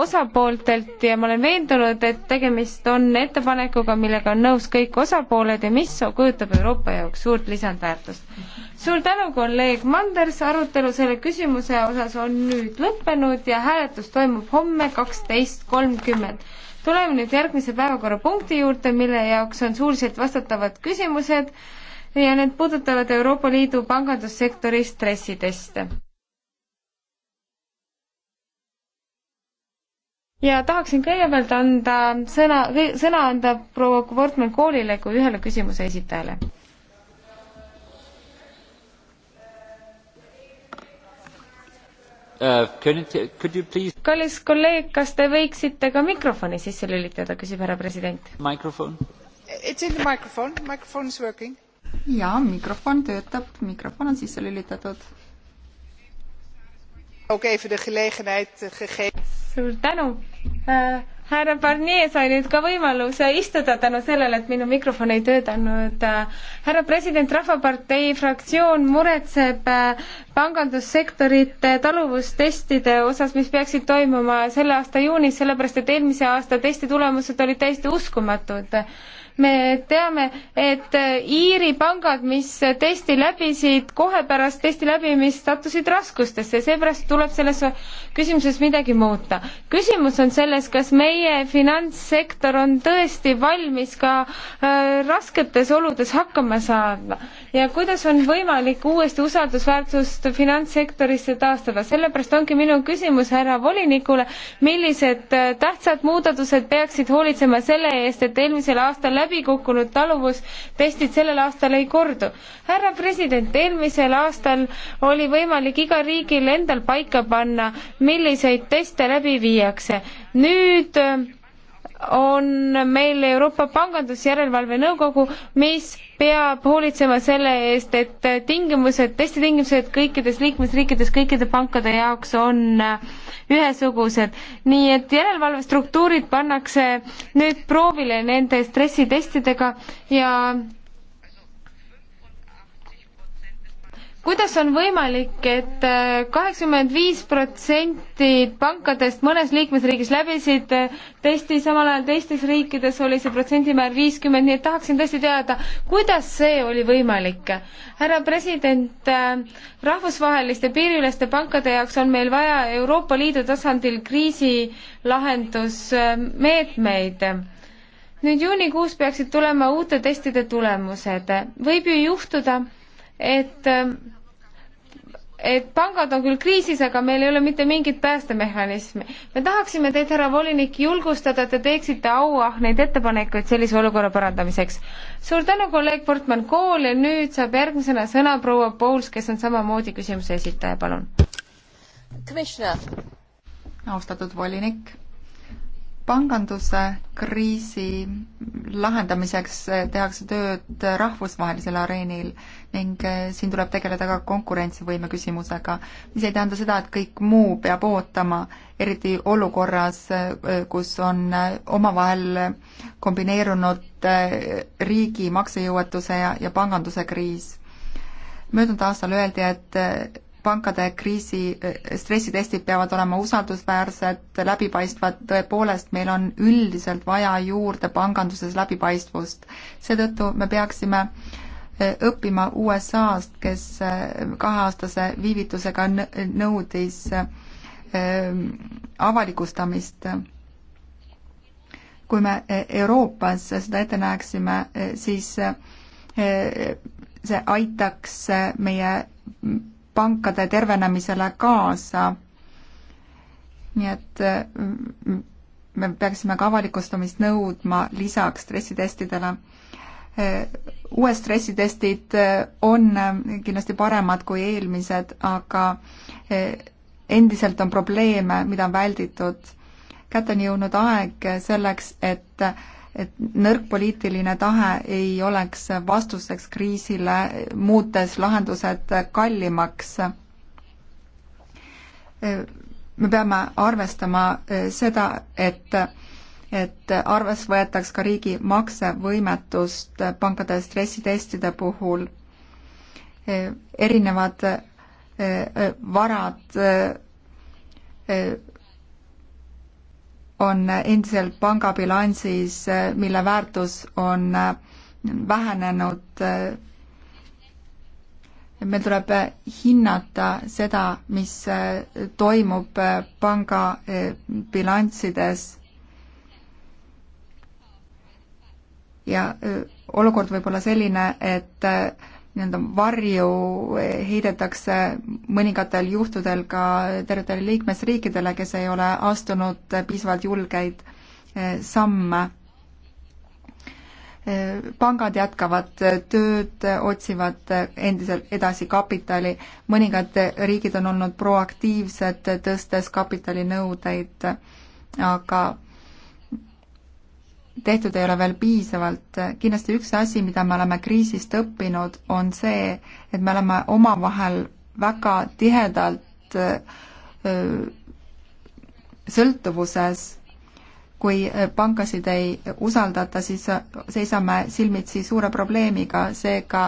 osapooltelt ja ma olen veendunud, et tegemist on ettepanekuga, millega on nõus kõik osapooled ja mis kujutab Euroopa jaoks suurt lisandväärtust. suur tänu, kolleeg Manders, arutelu selle küsimuse osas on nüüd lõppenud ja hääletus toimub homme kaksteist kolmkümmend. tuleme nüüd järgmise päevakorrapunkti juurde, mille jaoks on suuliselt vastatavad küsimused ja need puudutavad Euroopa Liidu pangandussektori stressiteste. ja tahaksin kõigepealt anda sõna, sõna anda proua Wortmann koolile kui ühele küsimuse esitajale. Uh, kallis kolleeg, kas te võiksite ka mikrofoni sisse lülitada, küsib härra president. mikrofon. It's in the microphone, microphone is working. jaa, mikrofon töötab, mikrofon on sisse lülitatud. ook even de gelegenheid eh, gegeven suur tänu Äh, härra Barnier sai nüüd ka võimaluse istuda tänu sellele, et minu mikrofon ei töötanud. Äh, härra president, Rahvapartei fraktsioon muretseb äh, pangandussektorite taluvustestide osas, mis peaksid toimuma selle aasta juunis, sellepärast et eelmise aasta testi tulemused olid täiesti uskumatud me teame, et äh, Iiri pangad, mis testi läbisid, kohe pärast testi läbimist sattusid raskustesse ja seepärast tuleb selles küsimuses midagi muuta. küsimus on selles, kas meie finantssektor on tõesti valmis ka äh, rasketes oludes hakkama saama ja kuidas on võimalik uuesti usaldusväärsust finantssektorisse taastada, sellepärast ongi minu küsimus härra volinikule, millised äh, tähtsad muudatused peaksid hoolitsema selle eest, et eelmisel aastal läbi kukkunud taluvustestid sellel aastal ei kordu. härra president, eelmisel aastal oli võimalik igal riigil endal paika panna, milliseid teste läbi viiakse. nüüd äh, on meil Euroopa Pangandusjärelevalve Nõukogu, mis peab hoolitsema selle eest, et tingimused, testitingimused kõikides liikmesriikides kõikide pankade jaoks on äh, ühesugused. nii et järelevalvestruktuurid pannakse nüüd proovile nende stressitestidega ja kuidas on võimalik et, et äh, kaheksakümmend viis protsenti pankadest mõnes liikmesriigis läbisid äh, testi, samal ajal teistes riikides oli see protsendimäär viiskümmend, nii et tahaksin tõesti teada, kuidas see oli võimalik? härra president, äh, rahvusvaheliste piiriüleste pankade jaoks on meil vaja Euroopa Liidu tasandil kriisilahendusmeetmeid nüüd juunikuus peaksid tulema uute testide tulemused. võib ju juhtuda, et et pangad on küll kriisis, aga meil ei ole mitte mingit päästemehhanismi. me tahaksime teid, härra volinik, julgustada, et te teeksite auahneid ettepanekuid sellise olukorra parandamiseks. suur tänu, kolleeg Portman Kool ja nüüd saab järgmisena sõna proua Pouls, kes on samamoodi küsimuse esitaja, palun. austatud volinik, panganduse kriisi lahendamiseks tehakse tööd rahvusvahelisel areenil ning äh, siin tuleb tegeleda ka konkurentsivõime küsimusega, mis ei tähenda seda, et kõik muu peab ootama, eriti olukorras, äh, kus on äh, omavahel kombineerunud riigi maksejõuetuse ja, ja panganduse kriis. möödunud aastal öeldi, et pankade kriisi stressitestid peavad olema usaldusväärsed, läbipaistvad, tõepoolest, meil on üldiselt vaja juurde panganduses läbipaistvust. seetõttu me peaksime äh, Äh, õppima USA-st, kes äh, kaheaastase viivitusega nõudis ähm, avalikustamist. kui me äh, Euroopas seda ette näeksime, siis see aitaks meie pankade tervenemisele kaasa. nii et me peaksime ka avalikustamist nõudma lisaks stressitestidele Äh, uued stressitestid äh, on äh, kindlasti paremad kui eelmised, aga endiselt on probleeme, mida on välditud. kätte on jõudnud aeg selleks, et, et nõrk poliitiline tahe ei oleks vastuseks kriisile, muutes lahendused kallimaks. me peame arvestama seda, et et arves võetaks ka riigi maksevõimetust pankade stressitestide puhul. erinevad eh, eh, varad eh, on endiselt pangabilansis, mille väärtus on vähenenud. meil tuleb hinnata seda, mis toimub pangabilanssides ja olukord võib olla selline, et äh, nii-öelda varju äh, heidetakse mõningatel juhtudel ka tervetele liikmesriikidele, kes ei ole astunud piisavalt julgeid äh, samme. pangad jätkavad tööd, otsivad endiselt edasi kapitali, mõningad riigid on olnud proaktiivsed, tõstes kapitalinõudeid, aga tehtud ei ole veel piisavalt. kindlasti üks asi, mida me oleme kriisist õppinud, on see, et me oleme omavahel väga tihedalt sõltuvuses. kui pankasid ei usaldata, siis seisame silmitsi suure probleemiga, seega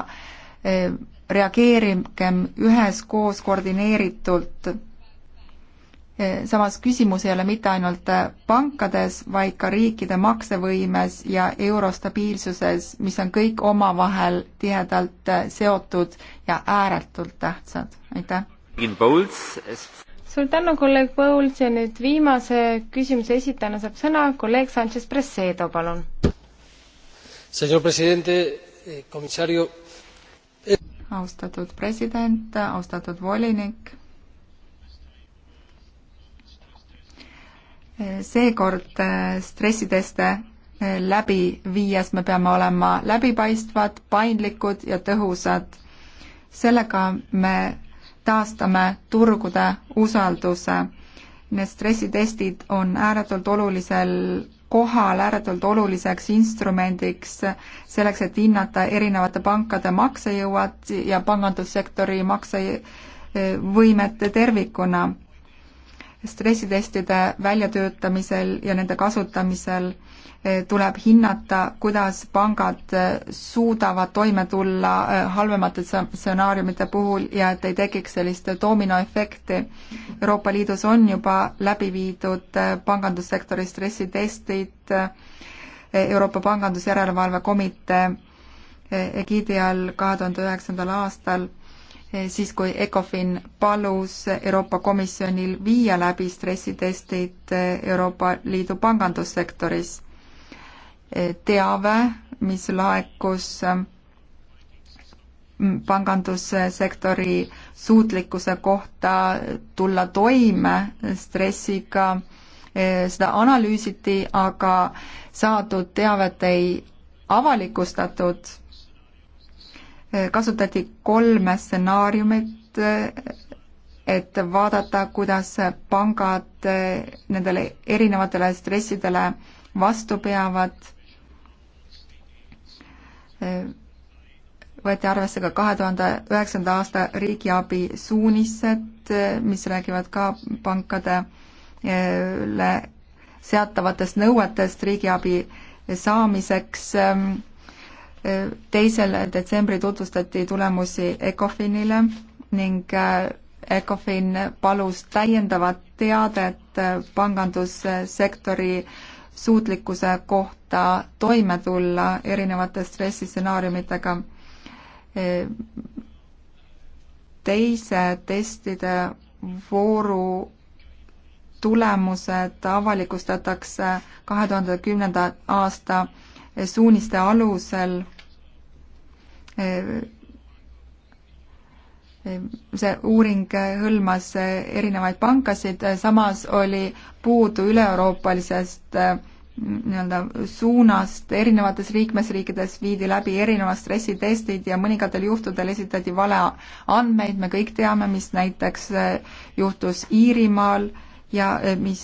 reageerigem üheskoos koordineeritult samas küsimus ei ole mitte ainult äh, pankades, vaid ka riikide maksevõimes ja eurostabiilsuses, mis on kõik omavahel tihedalt äh, seotud ja ääretult tähtsad, aitäh! suur tänu, kolleeg Pouls ja nüüd viimase küsimuse esitajana saab sõna kolleeg Sanchez Presedo, palun. Eh, eh- austatud president, austatud volinik seekord äh, stressiteste äh, läbi viies me peame olema läbipaistvad, paindlikud ja tõhusad. sellega me taastame turgude usalduse. Need stressitestid on ääretult olulisel kohal ääretult oluliseks instrumendiks selleks, et hinnata erinevate pankade maksejõuad ja pangandussektori maksevõimet tervikuna stressitestide väljatöötamisel ja nende kasutamisel eh, tuleb hinnata, kuidas pangad eh, suudavad toime tulla eh, halvemate stsenaariumite puhul ja et ei tekiks sellist dominoefekti. Euroopa Liidus on juba läbi viidud pangandussektori stressitestid, Euroopa Pangandusjärelevalve Komitee egiidi all kahe tuhande üheksandal aastal Eh, siis, kui ECOFIN palus Euroopa Komisjonil viia läbi stressitestid eh, Euroopa Liidu pangandussektoris. Eh, teave, mis laekus mm, pangandussektori suutlikkuse kohta tulla toime stressiga, seda analüüsiti, aga saadud teavet ei avalikustatud kasutati kolme stsenaariumit, et vaadata, kuidas pangad nendele erinevatele stressidele vastu peavad. võeti arvesse ka kahe tuhande üheksanda aasta riigiabi suunised, mis räägivad ka pankadele seatavatest nõuetest riigiabi saamiseks teisel detsembril tutvustati tulemusi ECOFINile ning äh, ECOFIN palus täiendavat teadet äh, pangandussektori suutlikkuse kohta toime tulla erinevate stressistsenaariumitega. teise testide vooru tulemused avalikustatakse kahe tuhande kümnenda aasta suuniste alusel see uuring hõlmas erinevaid pankasid, samas oli puudu üle-euroopalisest äh, nii-öelda suunast, erinevates liikmesriikides viidi läbi erinevad stressitestid ja mõningatel juhtudel esitati valeandmeid, me kõik teame, mis näiteks äh, juhtus Iirimaal ja äh, mis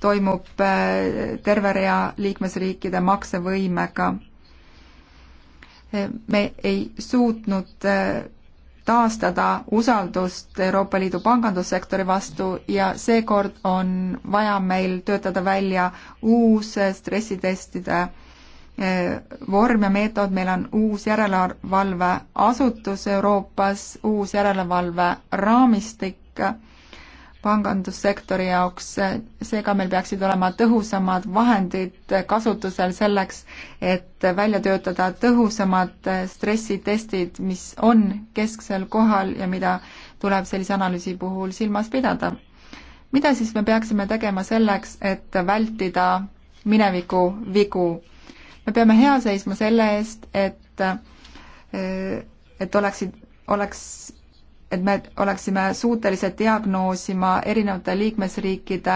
toimub terve rea liikmesriikide maksevõimega me ei suutnud äh, taastada usaldust Euroopa Liidu pangandussektori vastu ja seekord on vaja meil töötada välja uus stressitestide äh, vorm ja meetod, meil on uus järelevalveasutus Euroopas, uus järelevalveraamistik pangandussektori jaoks, seega meil peaksid olema tõhusamad vahendid kasutusel selleks, et välja töötada tõhusamad stressitestid, mis on kesksel kohal ja mida tuleb sellise analüüsi puhul silmas pidada. mida siis me peaksime tegema selleks, et vältida mineviku vigu? me peame hea seisma selle eest, et et oleksid, oleks et me oleksime suutelised diagnoosima erinevate liikmesriikide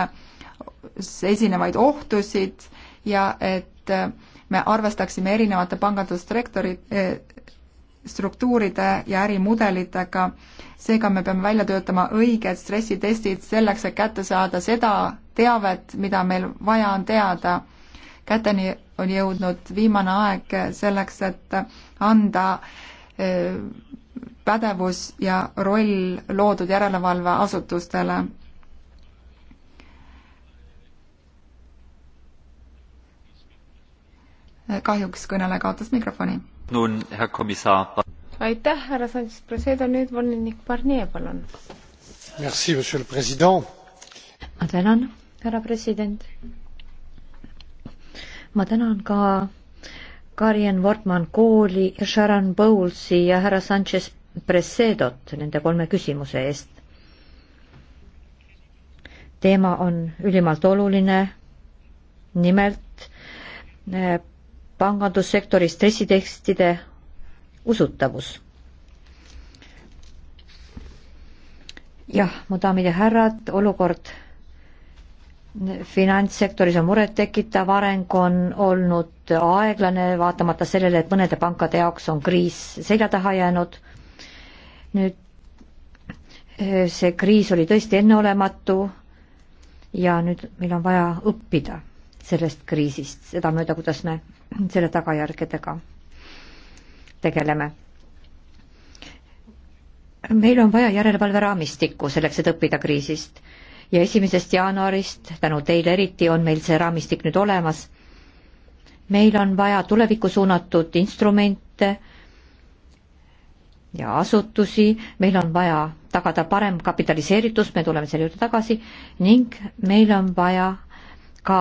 esinevaid ohtusid ja et me arvestaksime erinevate pangandusdirektori eh, struktuuride ja ärimudelitega. seega me peame välja töötama õiged stressitestid selleks, et kätte saada seda teavet, mida meil vaja on teada. käteni on jõudnud viimane aeg selleks, et anda eh, pädevus ja roll loodud järelevalveasutustele. kahjuks kõneleja kaotas mikrofoni. aitäh, härra Sanchez-Presedo, nüüd volinik Barnier, palun. ma tänan, härra president. ma tänan ka Karjen Wortmann kooli ja Sharon Bowlesi ja härra Sanchez Presedot nende kolme küsimuse eest. teema on ülimalt oluline, nimelt eh, pangandussektori stressitekstide usutavus. jah, mu daamid ja härrad, olukord finantssektoris on murettekitav, areng on olnud aeglane, vaatamata sellele, et mõnede pankade jaoks on kriis selja taha jäänud nüüd see kriis oli tõesti enneolematu ja nüüd meil on vaja õppida sellest kriisist, sedamööda, kuidas me selle tagajärgedega tegeleme. meil on vaja järelevalveraamistikku selleks, et õppida kriisist ja esimesest jaanuarist, tänu teile eriti, on meil see raamistik nüüd olemas. meil on vaja tulevikku suunatud instrumente ja asutusi, meil on vaja tagada parem kapitaliseeritus, me tuleme selle juurde tagasi, ning meil on vaja ka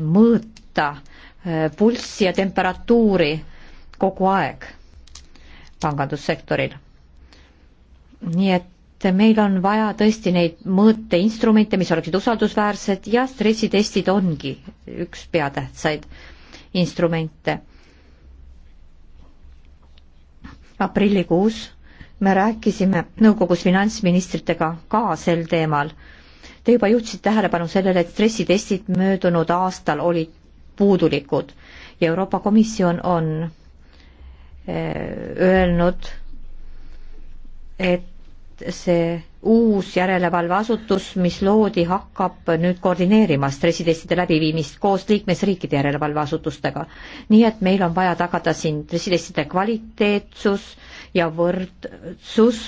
mõõta äh, pulssi ja temperatuuri kogu aeg pangandussektoril. nii et meil on vaja tõesti neid mõõteinstrumente, mis oleksid usaldusväärsed ja stressitestid ongi üks peatähtsaid instrumente aprillikuus me rääkisime nõukogus finantsministritega ka sel teemal. Te juba juhtisite tähelepanu sellele, et stressitestid möödunud aastal olid puudulikud ja Euroopa Komisjon on eh, öelnud, et see uus järelevalveasutus, mis loodi, hakkab nüüd koordineerima stressitestide läbiviimist koos liikmesriikide järelevalveasutustega. nii et meil on vaja tagada siin stressitestide kvaliteetsus ja võrdsus.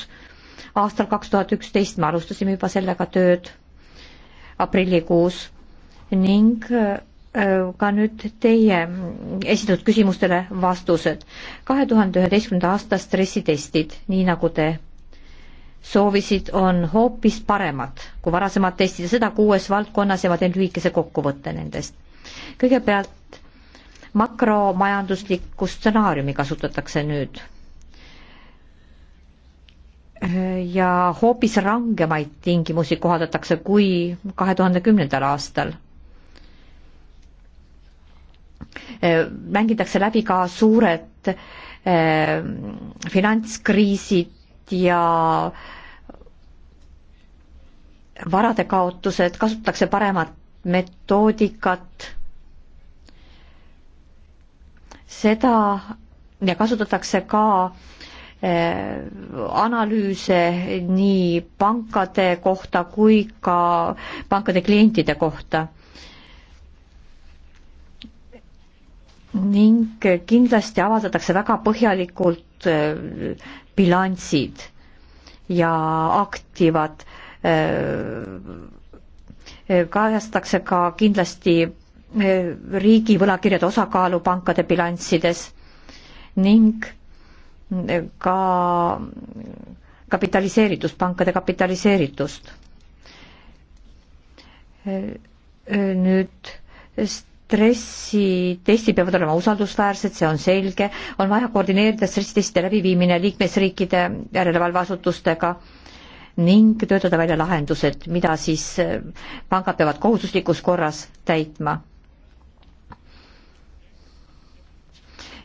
aastal kaks tuhat üksteist me alustasime juba sellega tööd aprillikuus ning äh, ka nüüd teie esitatud küsimustele vastused. kahe tuhande üheteistkümnenda aasta stressitestid, nii nagu te soovisid on hoopis paremad kui varasemad testid ja seda kuues valdkonnas ja ma teen lühikese kokkuvõtte nendest. kõigepealt makromajanduslikku stsenaariumi kasutatakse nüüd ja hoopis rangemaid tingimusi kohaldatakse kui kahe tuhande kümnendal aastal. Äh, mängitakse läbi ka suured äh, finantskriisid, ja varade kaotused, kasutatakse paremat metoodikat, seda ja kasutatakse ka eh, analüüse nii pankade kohta kui ka pankade klientide kohta. ning kindlasti avaldatakse väga põhjalikult eh, bilansid ja aktivad äh, äh, kajastatakse ka kindlasti äh, riigi võlakirjade osakaalu pankade bilanssides ning ka kapitaliseeritust, pankade kapitaliseeritust. nüüd stressitestid peavad olema usaldusväärsed, see on selge, on vaja koordineerida stressitestide läbiviimine liikmesriikide järelevalveasutustega ning töötada välja lahendused, mida siis eh, pangad peavad kohustuslikus korras täitma.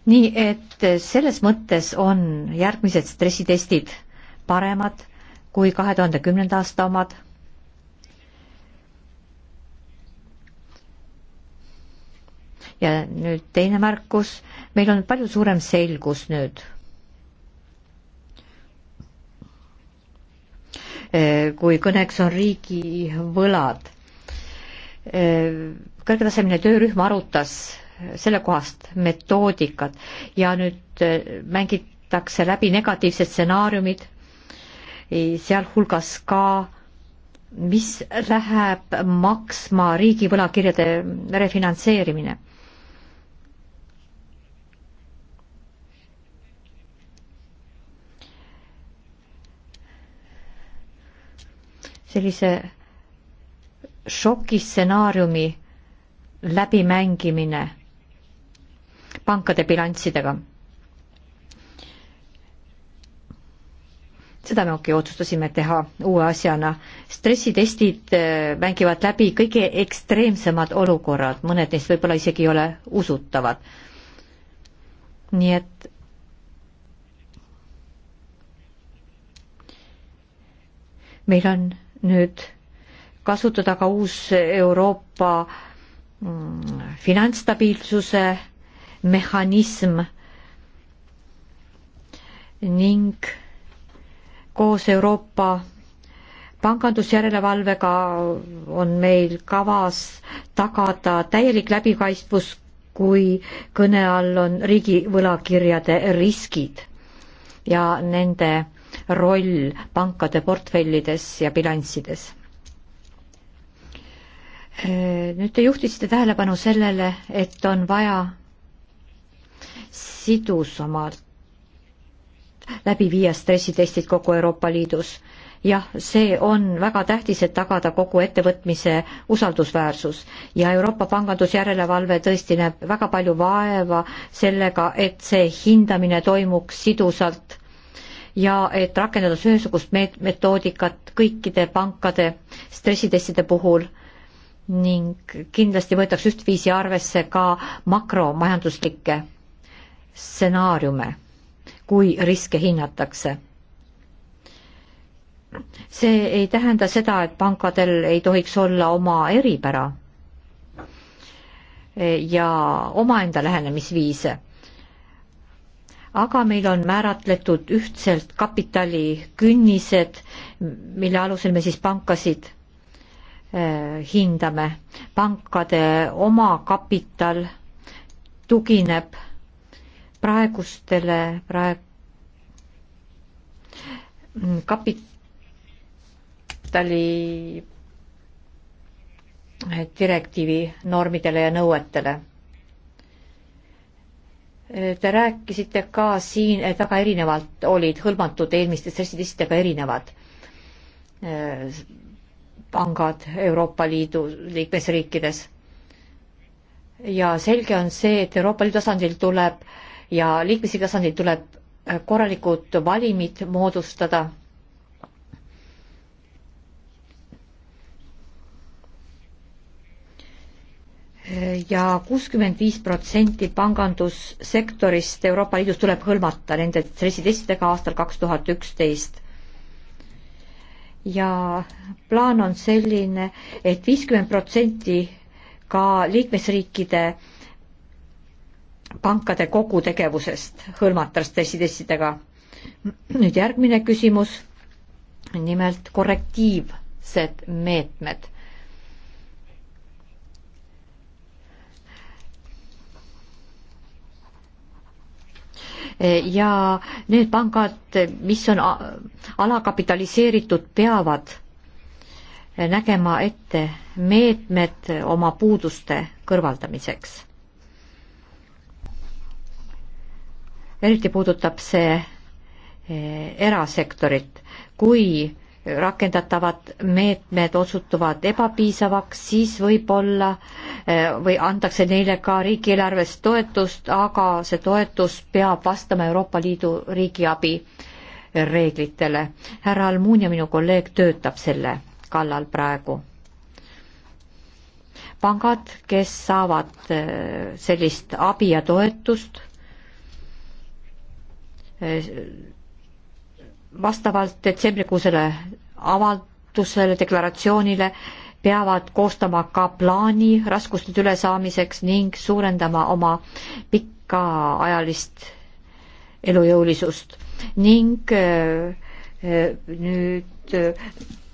nii et selles mõttes on järgmised stressitestid paremad kui kahe tuhande kümnenda aasta omad ja nüüd teine märkus, meil on palju suurem selgus nüüd. Äh, kui kõneks on riigivõlad. Äh, kõrgetasemeline töörühm arutas sellekohast metoodikat ja nüüd äh, mängitakse läbi negatiivsed stsenaariumid, sealhulgas ka mis läheb maksma riigi võlakirjade refinantseerimine sellise šokistsenaariumi läbimängimine pankade bilanssidega. seda me okei otsustasime teha uue asjana. stressitestid äh, mängivad läbi kõige ekstreemsemad olukorrad, mõned neist võib-olla isegi ei ole usutavad. nii et meil on nüüd kasutada ka uus Euroopa mm, finantsstabiilsuse mehhanism ning koos Euroopa pangandusjärelevalvega on meil kavas tagada täielik läbipaistvus, kui kõne all on riigi võlakirjade riskid ja nende roll pankade portfellides ja bilanssides. Äh, nüüd te juhtisite tähelepanu sellele, et on vaja sidusamalt läbi viia stressitestid kogu Euroopa Liidus. jah, see on väga tähtis, et tagada kogu ettevõtmise usaldusväärsus ja Euroopa pangandusjärelevalve tõesti näeb väga palju vaeva sellega, et see hindamine toimuks sidusalt ja et rakendades ühesugust metoodikat kõikide pankade stressitestide puhul ning kindlasti võetakse ühtviisi arvesse ka makromajanduslikke stsenaariume, kui riske hinnatakse. see ei tähenda seda, et pankadel ei tohiks olla oma eripära ja omaenda lähenemisviise aga meil on määratletud ühtselt kapitalikünnised, mille alusel me siis pankasid äh, hindame. pankade omakapital tugineb praegustele praeg-, mm, kapitali äh, direktiivi normidele ja nõuetele Te rääkisite ka siin, et väga erinevalt olid hõlmatud eelmistest residentidega erinevad äh, pangad Euroopa Liidu liikmesriikides. ja selge on see, et Euroopa Liidu tasandil tuleb ja liikmesriigi tasandil tuleb äh, korralikud valimid moodustada ja kuuskümmend viis protsenti pangandussektorist Euroopa Liidus tuleb hõlmata nende stressitestidega aastal kaks tuhat üksteist. ja plaan on selline et, et viiskümmend protsenti ka liikmesriikide pankade kogutegevusest hõlmata stressitestidega. nüüd järgmine küsimus, nimelt korrektiivsed meetmed ja need pangad, mis on alakapitaliseeritud, peavad nägema ette meetmed oma puuduste kõrvaldamiseks. eriti puudutab see eh, erasektorit, kui rakendatavad meetmed osutuvad ebapiisavaks, siis võib-olla eh, või antakse neile ka riigieelarvest toetust, aga see toetus peab vastama Euroopa Liidu riigiabi reeglitele. härra Almunia, minu kolleeg, töötab selle kallal praegu. pangad, kes saavad eh, sellist abi ja toetust, eh, vastavalt detsembrikuusele avaldusele, deklaratsioonile peavad koostama ka plaani raskustest ülesaamiseks ning suurendama oma pikaajalist elujõulisust ning äh, äh, nüüd äh,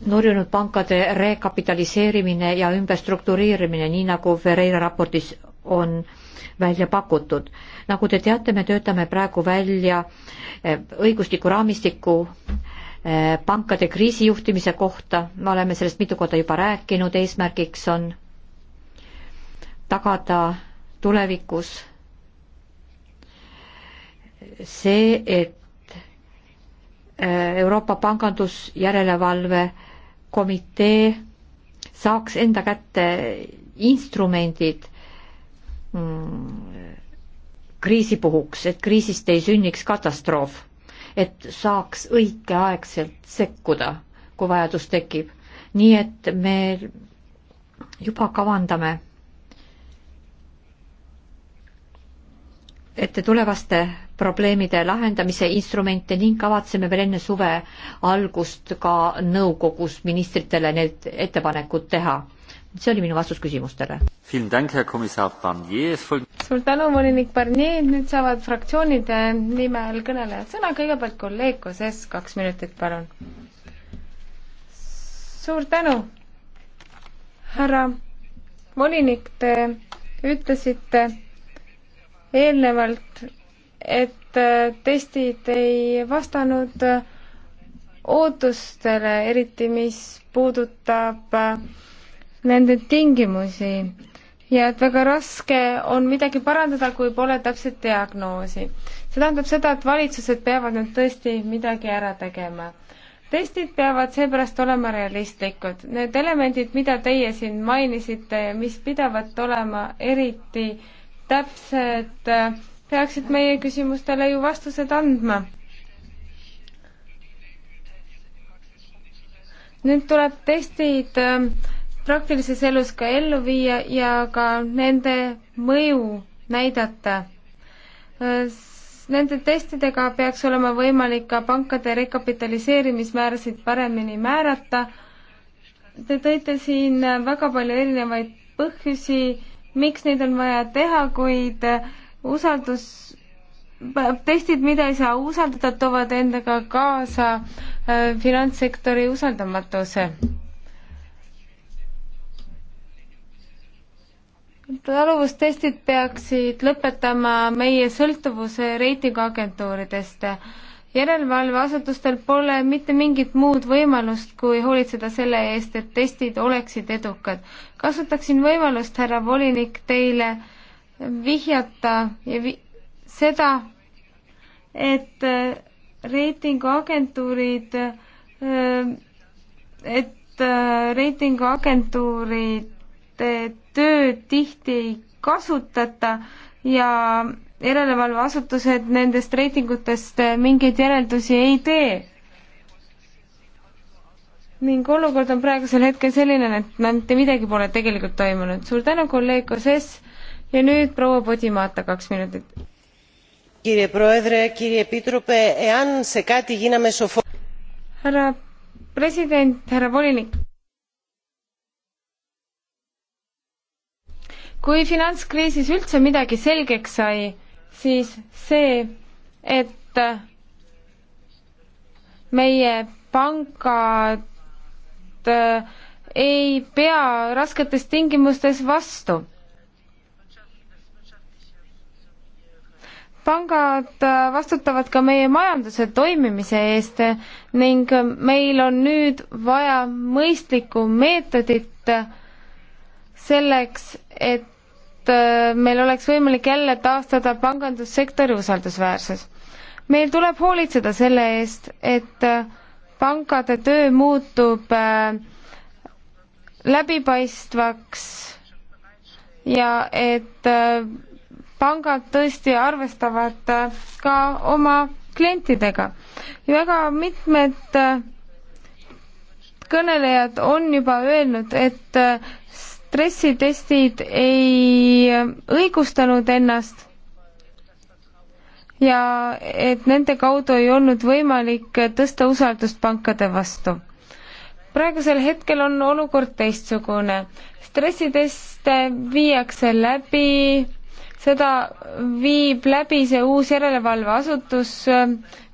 nurjunud pankade rekapitaliseerimine ja ümberstruktureerimine, nii nagu Ferreira raportis on äh, välja pakutud. nagu te teate, me töötame praegu välja eh, õigusliku raamistiku eh, pankade kriisijuhtimise kohta, me oleme sellest mitu korda juba rääkinud, eesmärgiks on tagada tulevikus see, et eh, Euroopa Pangandusjärelevalve Komitee saaks enda kätte instrumendid, Mm, kriisi puhuks, et kriisist ei sünniks katastroof, et saaks õigeaegselt sekkuda, kui vajadus tekib. nii et me juba kavandame ette tulevaste probleemide lahendamise instrumente ning kavatseme veel enne suve algust ka nõukogus ministritele need ettepanekud teha see oli minu vastus küsimustele. suur tänu, volinik Barnier, nüüd saavad fraktsioonide nimel kõnelejad sõna, kõigepealt kolleeg Koses, kaks minutit, palun. suur tänu, härra volinik, te ütlesite eelnevalt, et testid ei vastanud ootustele, eriti mis puudutab äh, nende tingimusi ja et väga raske on midagi parandada, kui pole täpset diagnoosi. see tähendab seda, et valitsused peavad nüüd tõesti midagi ära tegema. testid peavad seepärast olema realistlikud. Need elemendid, mida teie siin mainisite ja mis pidavat olema eriti täpsed, peaksid meie küsimustele ju vastused andma nüüd tuleb testid ähm, praktilises elus ka ellu viia ja ka nende mõju näidata. Nende testidega peaks olema võimalik ka pankade rekapitaliseerimismäärasid paremini määrata. Te tõite siin väga palju erinevaid põhjusi, miks neid on vaja teha, kuid usaldus, testid, mida ei saa usaldada, toovad endaga kaasa äh, finantssektori usaldamatuse taluvustestid peaksid lõpetama meie sõltuvuse reitinguagentuuridest. järelevalveasutustel pole mitte mingit muud võimalust, kui hoolitseda selle eest, et testid oleksid edukad. kasutaksin võimalust, härra volinik, teile vihjata ja vi seda, et äh, reitinguagentuurid, äh, et äh, reitinguagentuurid järelevalvete tööd tihti ei kasutata ja järelevalveasutused nendest reitingutest mingeid järeldusi ei tee. ning olukord on praegusel hetkel selline, et mitte midagi pole tegelikult toimunud. suur tänu, kolleeg Koses ja nüüd proua Podimata, kaks minutit. härra president, härra volinik kui finantskriisis üldse midagi selgeks sai, siis see, et meie pangad äh, ei pea rasketes tingimustes vastu. pangad äh, vastutavad ka meie majanduse toimimise eest ning meil on nüüd vaja mõistlikku meetodit, äh, selleks, et äh, meil oleks võimalik jälle taastada pangandussektori usaldusväärsus. meil tuleb hoolitseda selle eest, et äh, pankade töö muutub äh, läbipaistvaks ja et pangad tõesti arvestavad ka oma klientidega. väga mitmed kõnelejad on juba öelnud, et stressitestid ei õigustanud ennast ja et nende kaudu ei olnud võimalik tõsta usaldust pankade vastu. praegusel hetkel on olukord teistsugune. stressiteste viiakse läbi, seda viib läbi see uus järelevalveasutus,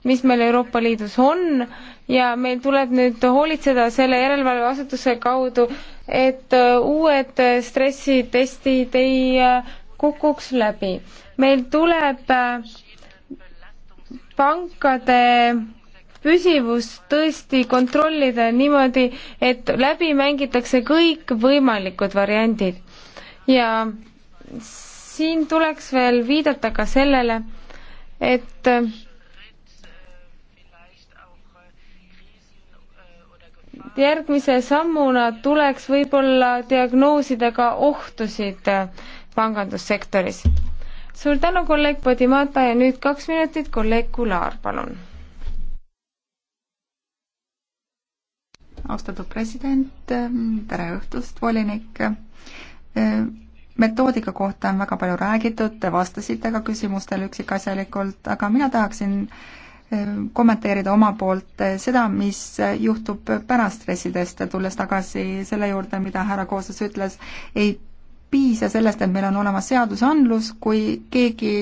mis meil Euroopa Liidus on ja meil tuleb nüüd hoolitseda selle järelevalveasutuse kaudu, et äh, uued äh, stressitestid ei äh, kukuks läbi. meil tuleb pankade püsivust tõesti kontrollida niimoodi, et läbi mängitakse kõik võimalikud variandid. ja siin tuleks veel viidata ka sellele, et järgmise sammuna tuleks võib-olla diagnoosida ka ohtusid pangandussektoris. suur tänu, kolleeg Podimata ja nüüd kaks minutit, kolleeg Kular, palun. austatud president, ähm, tere õhtust, volinik. Äh, metoodika kohta on väga palju räägitud, te vastasite ka küsimustele üksikasjalikult, aga mina tahaksin äh, kommenteerida oma poolt eh, seda, mis juhtub pärast stressidest, tulles tagasi selle juurde, mida härra Koosas ütles, ei piisa sellest, et meil on olemas seadusandlus, kui keegi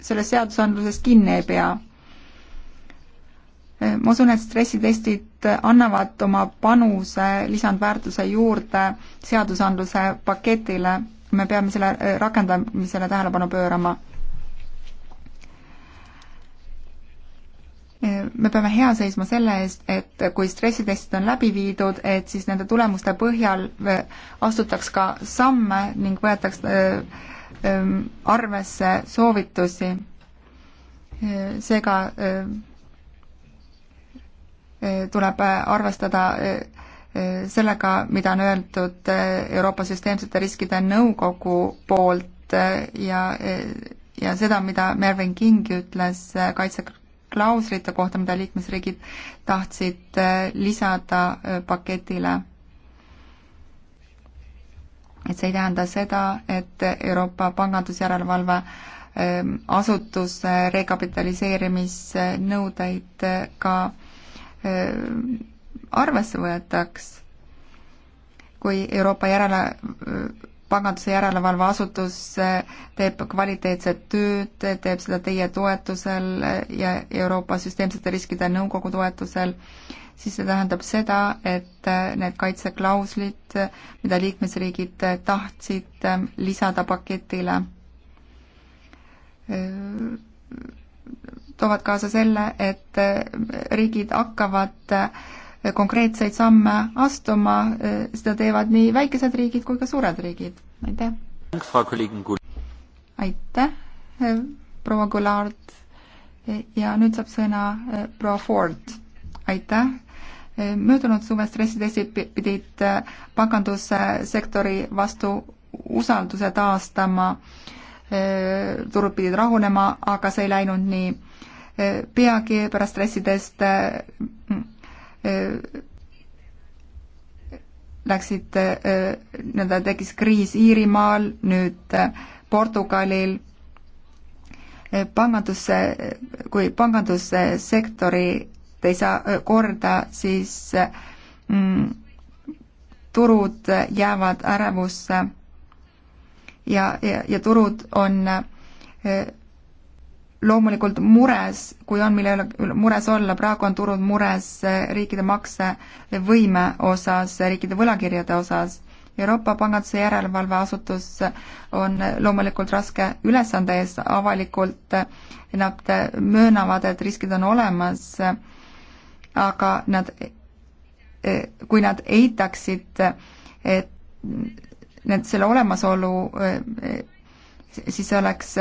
sellest seadusandlusest kinni ei pea. Eh, ma usun, et stressitestid annavad oma panuse lisandväärtuse juurde seadusandluse paketile, me peame selle eh, rakendamisele tähelepanu pöörama me peame hea seisma selle eest, et kui stressitestid on läbi viidud, et siis nende tulemuste põhjal äh, astutaks ka samme ning võetaks äh, ähm, arvesse soovitusi. Äh, seega tuleb arvestada sellega, mida on öeldud Euroopa Süsteemsete Riskide Nõukogu poolt ja ja seda, mida Mervyn King ütles kaitse klauslite kohta, mida liikmesriigid tahtsid äh, lisada äh, paketile. et see ei tähenda seda, et Euroopa pangandusjärelevalve ähm, asutus äh, rekapitaliseerimisnõudeid ka arvesse võetaks. kui Euroopa järele panganduse järelevalveasutus teeb kvaliteetset tööd, teeb seda teie toetusel ja Euroopa Süsteemsete Riskide Nõukogu toetusel, siis see tähendab seda, et need kaitseklauslid, mida liikmesriigid tahtsid lisada paketile, toovad kaasa selle, et riigid hakkavad konkreetseid samme astuma, seda teevad nii väikesed riigid kui ka suured riigid, aitäh. aitäh, proua Goulart ja nüüd saab sõna eh, proua Ford, aitäh. möödunud suve stressitestid pidid eh, pangandussektori vastu usalduse taastama, eh, turud pidid rahunema, aga see ei läinud nii. peagi pärast stressiteste mm, Äh, läksid, äh, nii-öelda tekkis kriis Iirimaal, nüüd äh, Portugalil, pangandusse, kui pangandussektorit ei saa korda, siis mm, turud jäävad ärevusse ja, ja, ja turud on loomulikult mures, kui on, mille üle mures olla, praegu on turud mures eh, riikide maksevõime osas, riikide võlakirjade osas. Euroopa Panganduse Järelevalveasutus on loomulikult raske ülesande ees, avalikult nad möönavad, et riskid on olemas, aga nad, kui nad eitaksid, et need, selle olemasolu, eh, eh, siis oleks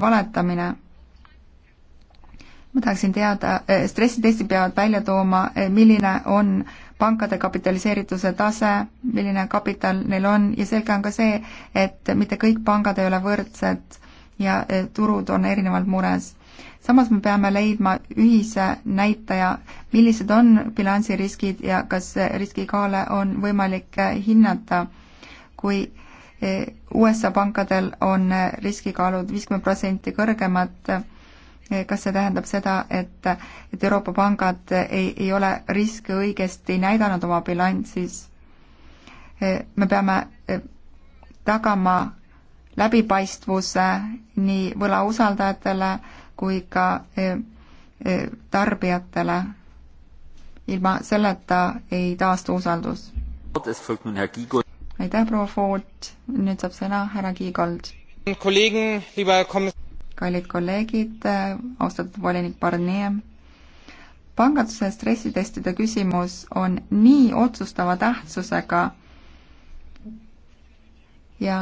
valetamine. ma tahaksin teada, eh, stressitestid peavad välja tooma, eh, milline on pankade kapitaliseerituse tase, milline kapital neil on ja selge on ka see, et mitte kõik pangad ei ole võrdsed ja eh, turud on erinevalt mures. samas me peame leidma ühise näitaja, millised on bilansiriskid ja kas riskikaale on võimalik hinnata. kui USA pankadel on riskikaalud viiskümmend protsenti kõrgemad. kas see tähendab seda, et, et Euroopa pangad ei, ei ole riske õigesti näidanud oma bilansis? me peame eh, tagama läbipaistvuse nii võlausaldajatele kui ka eh, eh, tarbijatele. ilma selleta ei taastu usaldus aitäh, proua Ford, nüüd saab sõna härra Kiigold. kallid kolleegid, austatud volinik Barnier, panganduse stressitestide küsimus on nii otsustava tähtsusega ja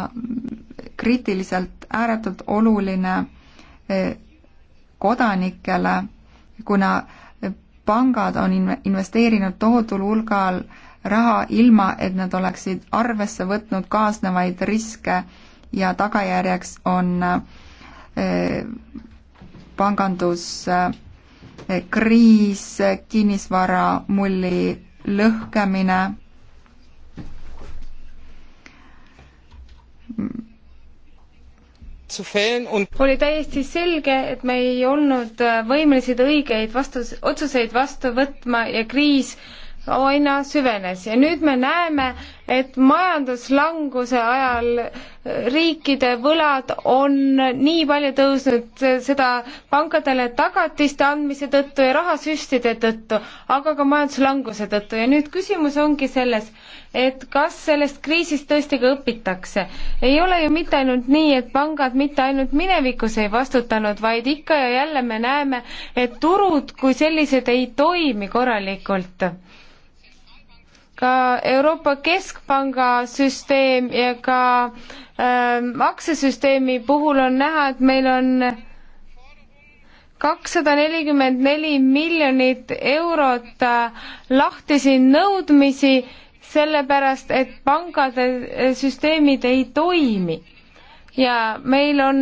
kriitiliselt ääretult oluline eh, kodanikele, kuna pangad on investeerinud tohutul hulgal äh, raha, ilma et nad oleksid arvesse võtnud kaasnevaid riske ja tagajärjeks on eh, panganduskriis, eh, kinnisvaramulli lõhkemine, oli täiesti selge, et me ei olnud võimelised õigeid vastus, otsuseid vastu võtma ja kriis aina süvenes ja nüüd me näeme, et majanduslanguse ajal riikide võlad on nii palju tõusnud seda pankadele tagatiste andmise tõttu ja rahasüstide tõttu, aga ka majanduslanguse tõttu ja nüüd küsimus ongi selles, et kas sellest kriisist tõesti ka õpitakse. ei ole ju mitte ainult nii, et pangad mitte ainult minevikus ei vastutanud, vaid ikka ja jälle me näeme, et turud kui sellised ei toimi korralikult ka Euroopa Keskpanga süsteem ja ka äh, maksesüsteemi puhul on näha, et meil on kakssada nelikümmend neli miljonit eurot äh, lahtisi nõudmisi, sellepärast et pangade äh, süsteemid ei toimi. ja meil on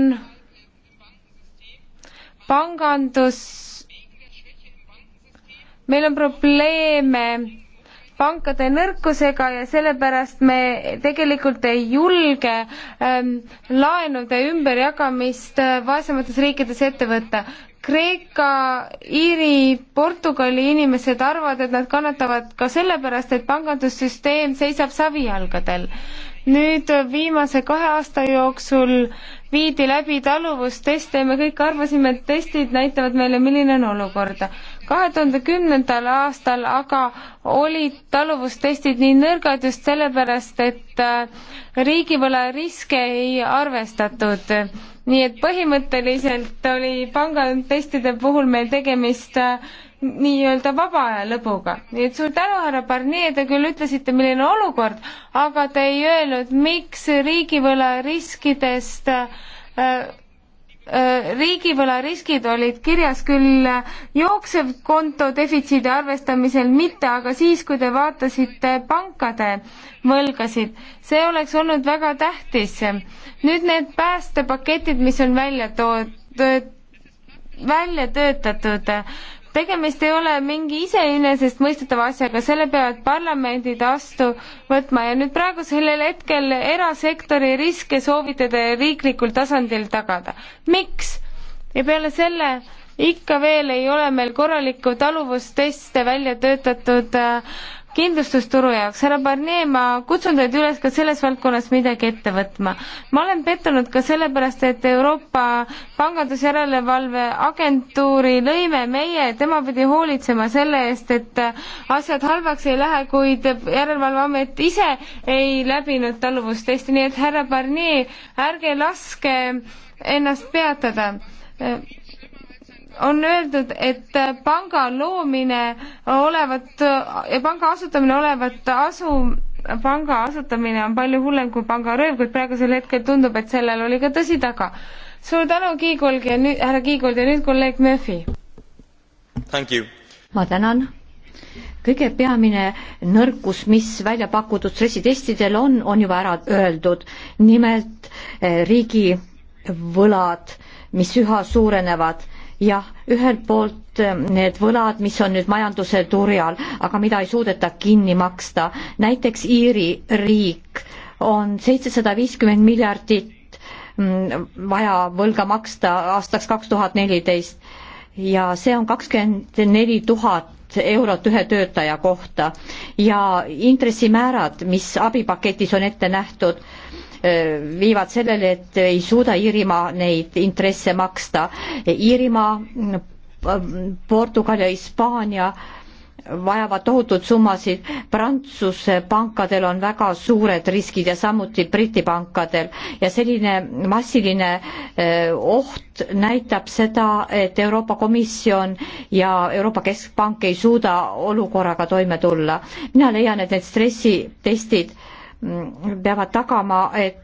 pangandus, meil on probleeme pankade nõrkusega ja sellepärast me tegelikult ei julge ähm, laenude ümberjagamist äh, vaesemates riikides ette võtta. Kreeka, Iiri, Portugali inimesed arvavad, et nad kannatavad ka sellepärast, et pangandussüsteem seisab savijalgadel nüüd viimase kahe aasta jooksul viidi läbi taluvusteste ja me kõik arvasime, et testid näitavad meile, milline on olukord. kahe tuhande kümnendal aastal aga olid taluvustestid nii nõrgad just sellepärast, et äh, riigivõla riske ei arvestatud. nii et põhimõtteliselt oli pangatestide puhul meil tegemist äh, nii-öelda vaba aja lõbuga. nii et suur tänu, härra Barnier, te küll ütlesite, milline olukord, aga te ei öelnud, miks riigivõla riskidest äh, äh riigivõlariskid olid kirjas küll jooksevkonto defitsiidi arvestamisel mitte, aga siis, kui te vaatasite pankade võlgasid, see oleks olnud väga tähtis. nüüd need päästepaketid, mis on välja toodud, välja töötatud, tegemist ei ole mingi iseenesestmõistetava asjaga, selle peavad parlamendid vastu võtma ja nüüd praegusel hetkel erasektori riske soovite te riiklikul tasandil tagada. miks? ja peale selle ikka veel ei ole meil korralikku taluvusteste välja töötatud äh, kindlustusturu jaoks. härra Barnier, ma kutsun teid üles ka selles valdkonnas midagi ette võtma. ma olen pettunud ka sellepärast, et Euroopa Pangandusjärelevalve Agentuuri lõime meie, tema pidi hoolitsema selle eest, et asjad halvaks ei lähe, kuid Järelevalveamet ise ei läbinud taluvustesti, nii et härra Barnier, ärge laske ennast peatada on öeldud, et panga loomine olevat ja panga asutamine olevat asu, panga asutamine on palju hullem kui pangarööv, kuid praegusel hetkel tundub, et sellel oli ka tõsi taga. suur tänu, Kiigold ja nüüd, härra Kiigold ja nüüd kolleeg Murphy. ma tänan kõige peamine nõrkus, mis välja pakutud stressitestidel on, on juba ära öeldud. nimelt eh, riigi võlad, mis üha suurenevad jah, ühelt poolt eh, need võlad, mis on nüüd majanduse turjal, aga mida ei suudeta kinni maksta, näiteks Iiri riik on seitsesada viiskümmend miljardit mm, vaja võlga maksta aastaks kaks tuhat neliteist ja see on kakskümmend neli tuhat eurot ühe töötaja kohta ja intressimäärad, mis abipaketis on ette nähtud, Äh, viivad sellele, et ei suuda Iirimaa neid intresse maksta. Iirimaa, äh, Portugal ja Hispaania vajavad tohutud summasid, Prantsuse pankadel on väga suured riskid ja samuti Briti pankadel ja selline massiline äh, oht näitab seda, et Euroopa Komisjon ja Euroopa Keskpank ei suuda olukorraga toime tulla. mina leian, et need stressitestid äh, peavad tagama, et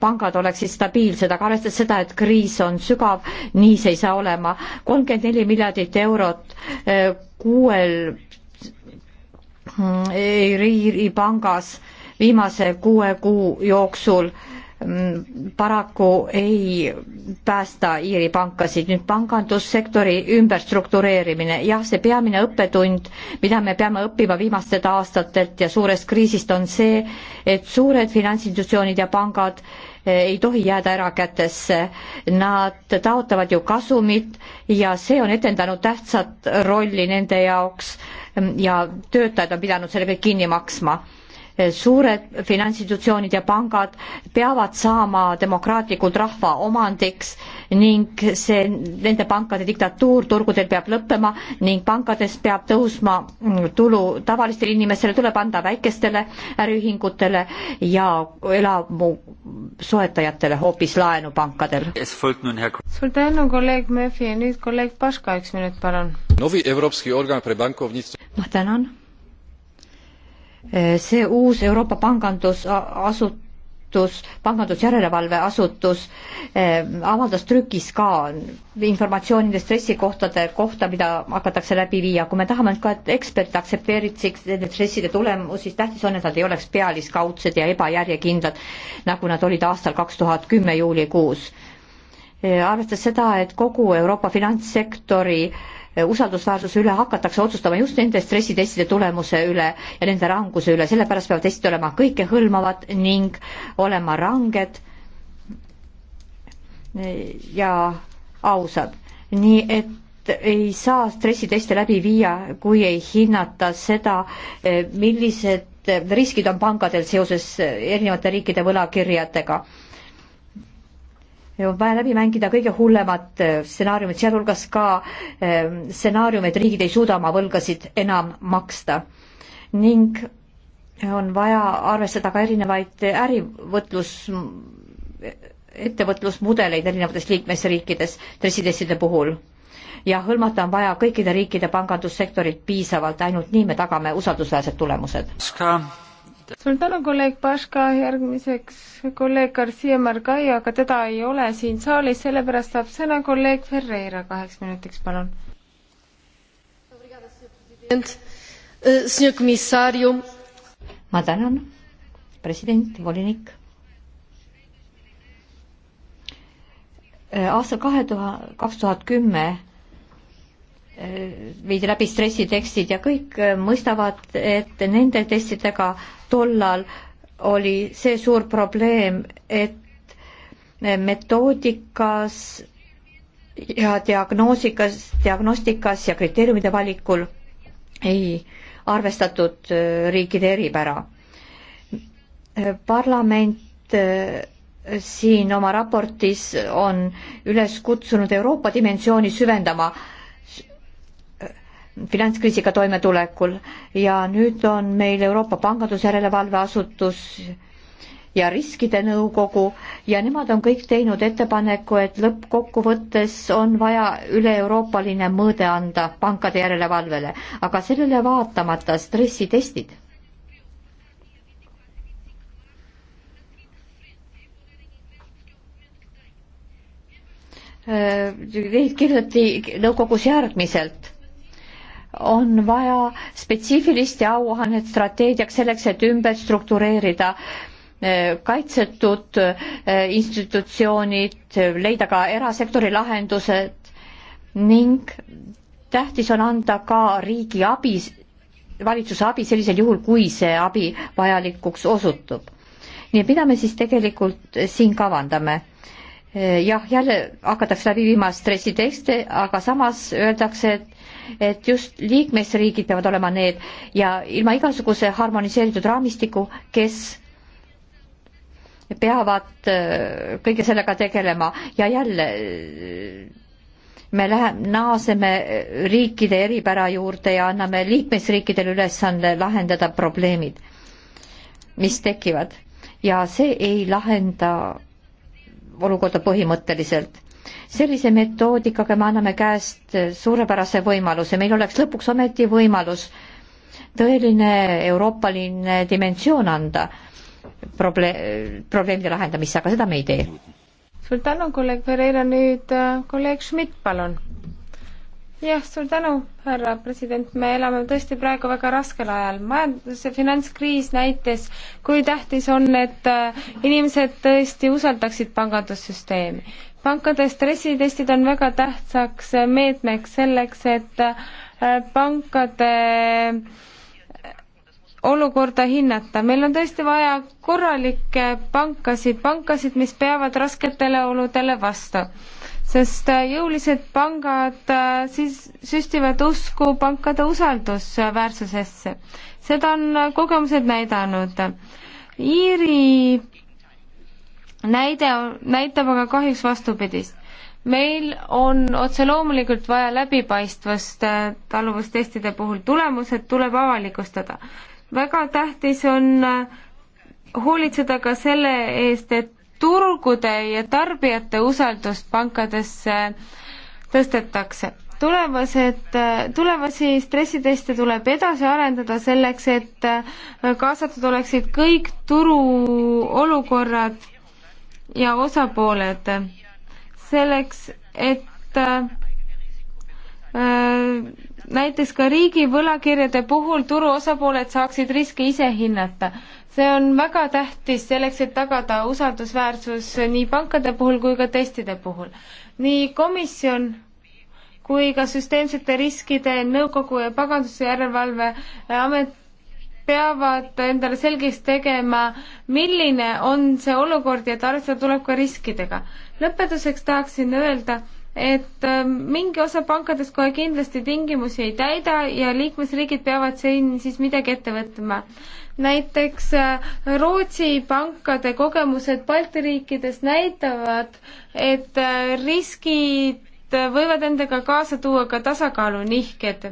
pangad oleksid stabiilsed, aga arvestades seda, et kriis on sügav, nii see ei saa olema. kolmkümmend neli miljardit eurot eh, kuuel mm, Eiri pangas viimase kuue kuu jooksul äh, paraku ei päästa Iiri pankasid. nüüd pangandussektori ümberstruktureerimine, jah, see peamine õppetund, mida me peame õppima viimastelt aastatelt ja suurest kriisist, on see, et suured finantsinstitutsioonid ja pangad eh, ei tohi jääda erakätesse. Nad taotlevad ju kasumit ja see on etendanud tähtsat rolli nende jaoks mm, ja töötajad on pidanud selle kõik kinni maksma suured finantsinstitutsioonid ja pangad peavad saama demokraatlikult rahva omandiks ning see nende pankade diktatuur turgudel peab lõppema ning pankadest peab tõusma tulu tavalistele inimestele, tuleb anda väikestele äriühingutele ja elamu soetajatele hoopis laenu pankadel. suur tänu, kolleeg Murphy ja nüüd kolleeg Paška, üks minut palun. ma tänan see uus Euroopa pangandusasutus, pangandusjärelevalveasutus eh, avaldas trükis ka informatsiooni nende stressikohtade kohta, mida hakatakse läbi viia. kui me tahame ka, et ekspert aktsepteeriks nende stresside tulemusi, siis tähtis on, et nad ei oleks pealiskaudsed ja ebajärjekindlad, nagu nad olid aastal kaks tuhat kümme juulikuus. Eh, arvestades seda, et kogu Euroopa finantssektori äh, Eh, usaldusväärsuse üle hakatakse otsustama just nende stressitestide tulemuse üle ja nende ranguse üle, sellepärast peavad testid olema kõikehõlmavad ning olema ranged ja ausad. nii et ei saa stressiteste läbi viia, kui ei hinnata seda, eh, millised riskid on pankadel seoses eh, erinevate riikide võlakirjadega on vaja läbi mängida kõige hullemad äh, stsenaariumid, sealhulgas ka ähm, stsenaarium, et riigid ei suuda oma võlgasid enam maksta. ning on vaja arvestada ka erinevaid ärivõtlus, ettevõtlusmudeleid erinevates liikmesriikides stressitestide puhul. ja hõlmata on vaja kõikide riikide pangandussektorit piisavalt, ainult nii me tagame usaldusväärsed tulemused suur tänu, kolleeg Paška, järgmiseks kolleeg Garcia Margallo, aga teda ei ole siin saalis, sellepärast saab sõna kolleeg Ferreira kaheks minutiks, palun. ma tänan, president, volinik aastal kahe tuhat, kaks tuhat kümme Äh, viidi läbi stressitestid ja kõik äh, mõistavad, et nende testidega tollal oli see suur probleem, et äh, metoodikas ja diagnoosikas, diagnostikas ja kriteeriumide valikul ei arvestatud riikide eripära. parlament siin oma raportis on üles kutsunud Euroopa dimensiooni süvendama äh, finantskriisiga toimetulekul ja nüüd on meil Euroopa Pangandusjärelevalve Asutus ja riskide nõukogu ja nemad on kõik teinud ettepaneku, et lõppkokkuvõttes on vaja üle-euroopaline mõõde anda pankade järelevalvele, aga sellele vaatamata stressitestid neid äh, kirjutati nõukogus järgmiselt on vaja spetsiifilist ja auahannet strateegiaks selleks, et ümber struktureerida eh, kaitsetud eh, institutsioonid, eh, leida ka erasektori lahendused ning tähtis on anda ka riigi abi, valitsuse abi sellisel juhul, kui see abi vajalikuks osutub. nii et mida me siis tegelikult siin kavandame? jah, jälle hakatakse läbi viima stressiteste, aga samas öeldakse, et et just liikmesriigid peavad olema need ja ilma igasuguse harmoniseeritud raamistiku, kes peavad äh, kõige sellega tegelema ja jälle äh, me läheme, naaseme riikide eripära juurde ja anname liikmesriikidele ülesande lahendada probleemid, mis tekivad ja see ei lahenda olukorda põhimõtteliselt sellise metoodikaga me anname käest suurepärase võimaluse, meil oleks lõpuks ometi võimalus tõeline euroopaline dimensioon anda proble-, probleemide lahendamisse, aga seda me ei tee. suur tänu, kolleeg Pereira, nüüd äh, kolleeg Schmidt, palun jah, suur tänu, härra president, me elame tõesti praegu väga raskel ajal. majandus- ja finantskriis näitas, kui tähtis on, et äh, inimesed tõesti usaldaksid pangandussüsteemi. pankade stressitestid on väga tähtsaks äh, meetmeks selleks, et äh, pankade olukorda hinnata, meil on tõesti vaja korralikke pankasid, pankasid, mis peavad rasketele oludele vastu sest jõulised pangad äh, siis süstivad usku pankade usaldusväärsusesse. seda on äh, kogemused näidanud. Iiri näide näitab aga kahjuks vastupidist. meil on otse loomulikult vaja läbipaistvust äh, taluvustestide puhul, tulemused tuleb avalikustada. väga tähtis on hoolitseda ka selle eest, et turgude ja tarbijate usaldust pankadesse tõstetakse. tulevased, tulevasi stressiteste tuleb edasi arendada selleks, et kaasatud oleksid kõik turuolukorrad ja osapooled. selleks, et äh, näiteks ka riigi võlakirjade puhul turu osapooled saaksid riske ise hinnata. see on väga tähtis selleks, et tagada usaldusväärsus nii pankade puhul kui ka testide puhul. nii komisjon kui ka süsteemsete riskide nõukogu ja paganduse järelevalve amet peavad endale selgeks tegema, milline on see olukord ja et arvestada tuleb ka riskidega. lõpetuseks tahaksin öelda, et äh, mingi osa pankadest kohe kindlasti tingimusi ei täida ja liikmesriigid peavad siin siis midagi ette võtma. näiteks äh, Rootsi pankade kogemused Balti riikides näitavad, et äh, riskid võivad endaga kaasa tuua ka tasakaalunihked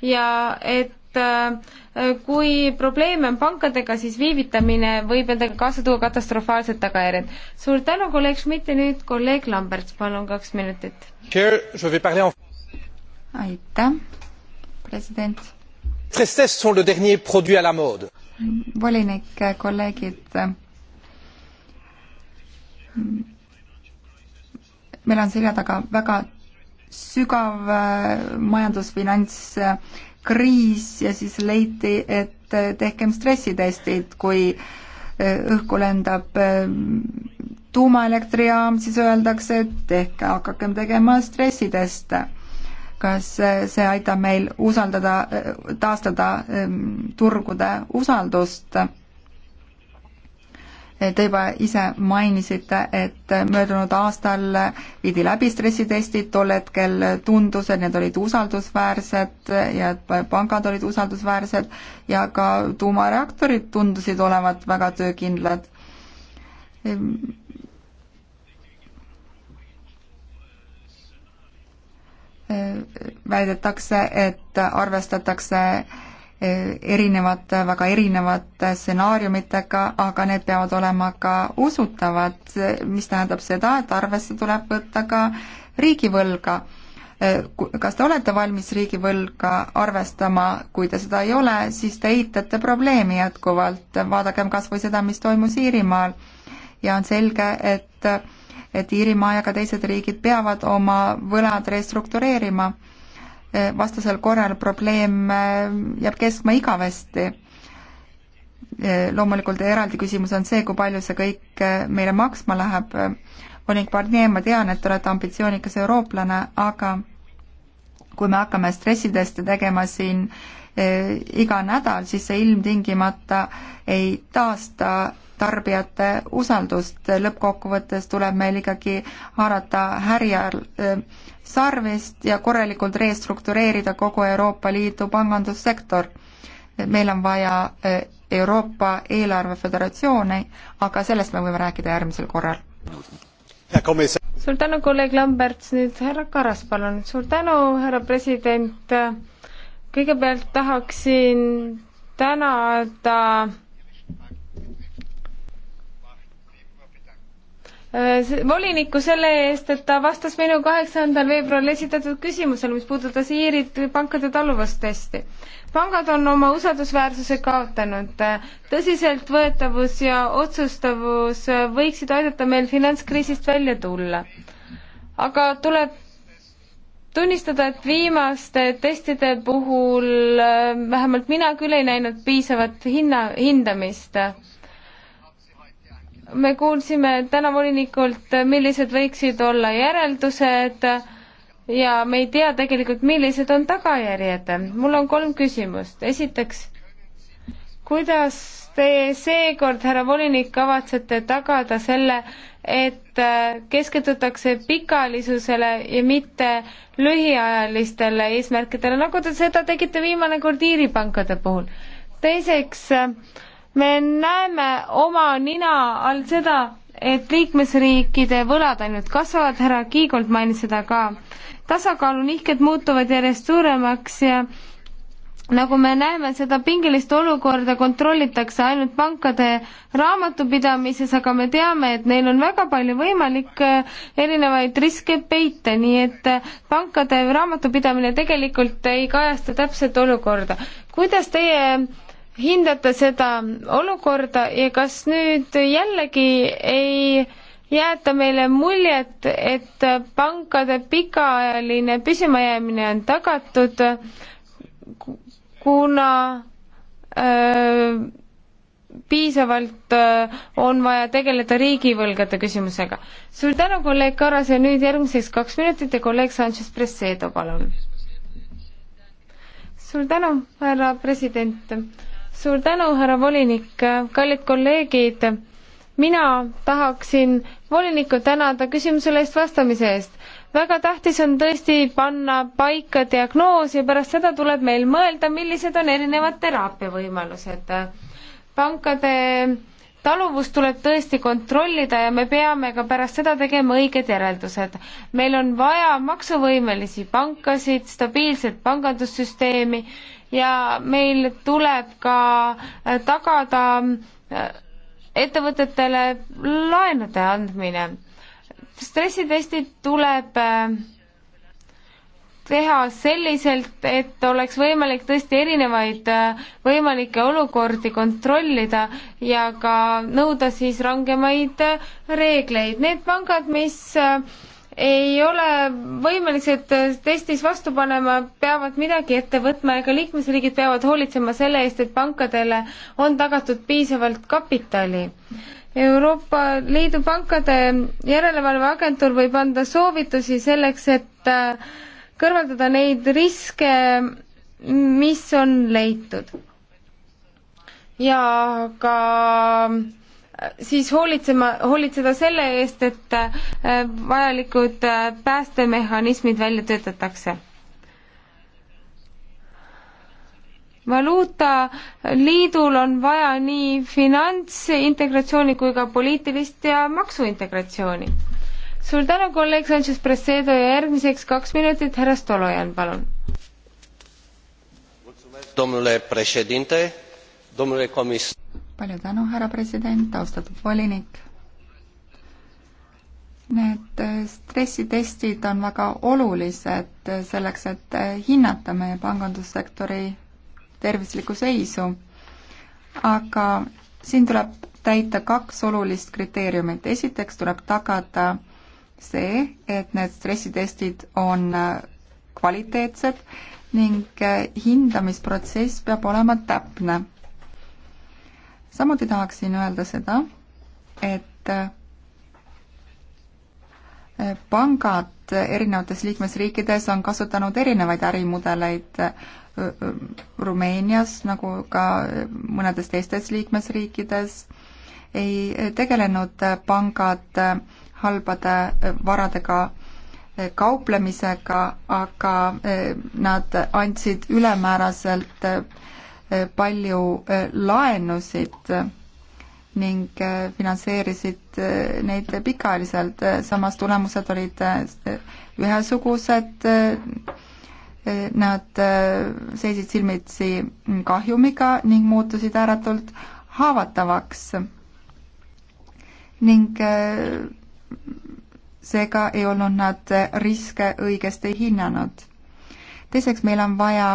ja et Äh, kui probleeme on pankadega, siis viivitamine võib endaga kaasa tuua katastrofaalsed tagajärjed. suur tänu, kolleeg Schmidt ja nüüd kolleeg Lamberts, palun kaks minutit. aitäh, president. volinik, kolleegid. meil on selja taga väga sügav äh, majandusfinants kriis ja siis leiti, et äh, tehkem stressitestid, kui äh, õhku lendab äh, tuumaelektrijaam, siis öeldakse, et tehke, hakakem tegema stressiteste. kas see aitab meil usaldada, taastada ähm, turgude usaldust? Te juba ise mainisite, et möödunud aastal viidi läbi stressitestid, tol hetkel tundus, et need olid usaldusväärsed ja et pangad olid usaldusväärsed ja ka tuumareaktorid tundusid olevat väga töökindlad väidetakse, et arvestatakse erinevate, väga erinevate stsenaariumitega, aga need peavad olema ka usutavad, mis tähendab seda, et arvesse tuleb võtta ka riigivõlga. kas te olete valmis riigivõlga arvestama, kui te seda ei ole, siis te eitate probleemi jätkuvalt, vaadakem kas või seda, mis toimus Iirimaal. ja on selge, et et Iirimaa ja ka teised riigid peavad oma võlad restruktureerima Eh, vastasel korral probleem eh, jääb kestma igavesti. Eh, loomulikult eraldi küsimus on see, kui palju see kõik meile maksma läheb. Oleg Barnier, ma tean, et te olete ambitsioonikas eurooplane, aga kui me hakkame stressiteste tegema siin iga nädal, siis see ilmtingimata ei taasta tarbijate usaldust, lõppkokkuvõttes tuleb meil ikkagi haarata härjal äh, sarvist ja korralikult restruktureerida kogu Euroopa Liidu pangandussektor. meil on vaja eh, Euroopa eelarveföderatsioone, aga sellest me võime rääkida järgmisel korral. suur tänu, kolleeg Lamberts, nüüd härra Karas, palun. suur tänu, härra president. kõigepealt tahaksin tänada ta Äh, volinikku selle eest, et ta vastas minu kaheksandal veebruaril esitatud küsimusele, mis puudutas Iirit pankade taluvustesti. pangad on oma usaldusväärsuse kaotanud. tõsiseltvõetavus ja otsustavus võiksid aidata meil finantskriisist välja tulla. aga tuleb tunnistada, et viimaste testide puhul äh, vähemalt mina küll ei näinud piisavat hinna, hindamist me kuulsime täna volinikult, millised võiksid olla järeldused ja me ei tea tegelikult, millised on tagajärjed. mul on kolm küsimust. esiteks, kuidas te seekord, härra volinik, kavatsete tagada selle, et keskendutakse pikaajalisusele ja mitte lühiajalistele eesmärkidele, nagu te seda tegite viimane kord Iiri pankade puhul? teiseks äh, me näeme oma nina all seda, et liikmesriikide võlad ainult kasvavad, härra Kiigold mainis seda ka. tasakaalunihked muutuvad järjest suuremaks ja nagu me näeme, seda pingelist olukorda kontrollitakse ainult pankade raamatupidamises, aga me teame, et neil on väga palju võimalik äh, erinevaid riske peita, nii et äh, pankade raamatupidamine tegelikult ei kajasta täpset olukorda. kuidas teie äh, hindate seda olukorda ja kas nüüd jällegi ei jäeta meile muljet, et pankade pikaajaline püsimajäämine on tagatud, kuna öö, piisavalt öö, on vaja tegeleda riigivõlgade küsimusega. suur tänu, kolleeg Karas ja nüüd järgmiseks kaks minutit ja kolleeg Sanchez Presedo, palun. suur tänu, härra president suur tänu, härra volinik, kallid kolleegid, mina tahaksin volinikku tänada küsimusele eest vastamise eest. väga tähtis on tõesti panna paika diagnoos ja pärast seda tuleb meil mõelda, millised on erinevad teraapiavõimalused. pankade taluvust tuleb tõesti kontrollida ja me peame ka pärast seda tegema õiged järeldused. meil on vaja maksuvõimelisi pankasid, stabiilset pangandussüsteemi ja meil tuleb ka äh, tagada äh, ettevõtetele laenude andmine. stressitestid tuleb äh, teha selliselt, et oleks võimalik tõesti erinevaid võimalikke olukordi kontrollida ja ka nõuda siis rangemaid reegleid. Need pangad, mis ei ole võimelised testis vastu panema, peavad midagi ette võtma ja ka liikmesriigid peavad hoolitsema selle eest, et pankadele on tagatud piisavalt kapitali. Euroopa Liidu pankade järelevalveagentuur võib anda soovitusi selleks, et äh, kõrvaldada neid riske, mis on leitud. ja ka siis hoolitsema, hoolitseda selle eest, et äh, vajalikud äh, päästemehhanismid välja töötatakse. valuutaliidul on vaja nii finantsintegratsiooni kui ka poliitilist ja maksuintegratsiooni. suur tänu, kolleeg Sanchez Presedo ja järgmiseks kaks minutit, härra Stolojan, palun. domnule președinte, domnule comisar palju tänu, härra president, austatud volinik. Need stressitestid on väga olulised selleks, et hinnata meie pangandussektori tervislikku seisu. aga siin tuleb täita kaks olulist kriteeriumit. esiteks tuleb tagada see, et need stressitestid on kvaliteetsed ning hindamisprotsess peab olema täpne samuti tahaksin öelda seda, et eh, pangad erinevates liikmesriikides on kasutanud erinevaid ärimudeleid eh, eh, Rumeenias nagu ka mõnedes teistes liikmesriikides ei tegelenud pangad halbade varadega kauplemisega, aga nad andsid ülemääraselt palju eh, laenusid eh, ning eh, finantseerisid neid pikaajaliselt, samas tulemused olid ühesugused, nad seisid silmitsi kahjumiga ning muutusid ääretult haavatavaks. ning seega ei olnud nad riske õigesti hinnanud. teiseks, meil on vaja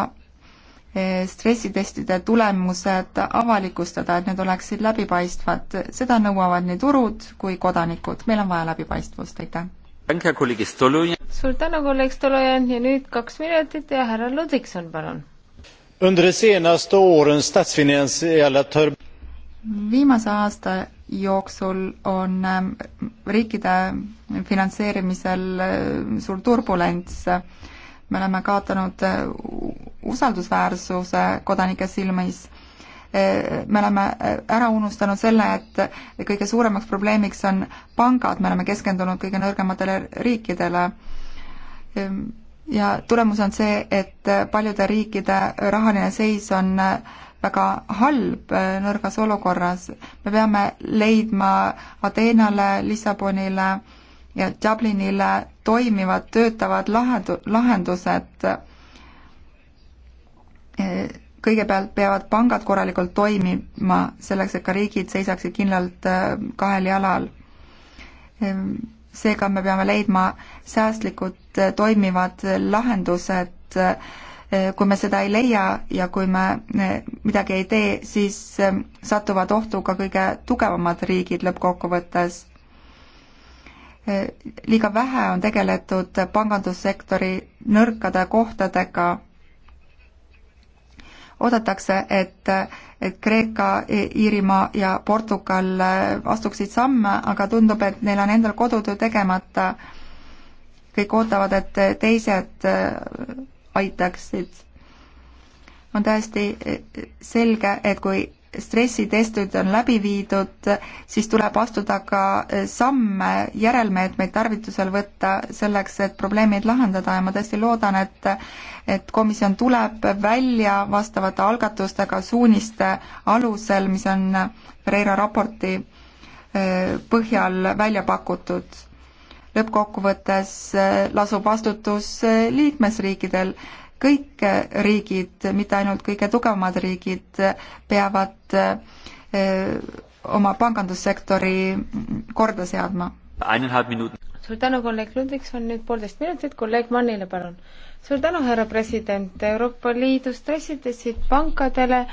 stressitestide tulemused avalikustada, et need oleksid läbipaistvad, seda nõuavad nii turud kui kodanikud, meil on vaja läbipaistvust, aitäh! suur tänu, kolleeg Stolojan ja nüüd kaks minutit ja härra Ludvikson, palun! viimase aasta jooksul on ähm, riikide finantseerimisel äh, suur turbulents me oleme kaotanud eh, usaldusväärsuse kodanike silmis. Eh, me oleme eh, ära unustanud selle, et kõige suuremaks probleemiks on pangad, me oleme keskendunud kõige nõrgematele riikidele. Ehm, ja tulemus on see, et paljude riikide rahaline seis on väga halb nõrgas olukorras. me peame leidma Ateenale, Lissabonile, ja Dublinile toimivad, töötavad lahendu-, lahendused. Eh, kõigepealt peavad pangad korralikult toimima, selleks et ka riigid seisaksid kindlalt eh, kahel jalal. Ehm, seega me peame leidma säästlikud eh, toimivad lahendused, kui me seda ei leia ja kui me midagi ei tee, siis satuvad ohtu ka kõige tugevamad riigid lõppkokkuvõttes liiga vähe on tegeletud pangandussektori nõrkade kohtadega. oodatakse, et, et Kreeka, Iirimaa ja Portugal astuksid samme, aga tundub, et neil on endal kodutöö tegemata. kõik ootavad, et teised aitaksid. on täiesti selge, et kui stressitestid on läbi viidud, siis tuleb astuda ka eh, samme, järelmeetmeid tarvitusel võtta selleks, et probleemid lahendada ja ma tõesti loodan, et et komisjon tuleb välja vastavate algatustega suuniste alusel, mis on Pereira raporti eh, põhjal välja pakutud lõppkokkuvõttes eh, lasub vastutus liikmesriikidel kõik riigid, mitte ainult kõige tugevamad riigid, peavad eh, oma pangandussektori korda seadma. suur tänu, kolleeg Ludvigson, nüüd poolteist minutit, kolleeg Mannile, palun. suur tänu, härra president, Euroopa Liidu stressitestid pankadele,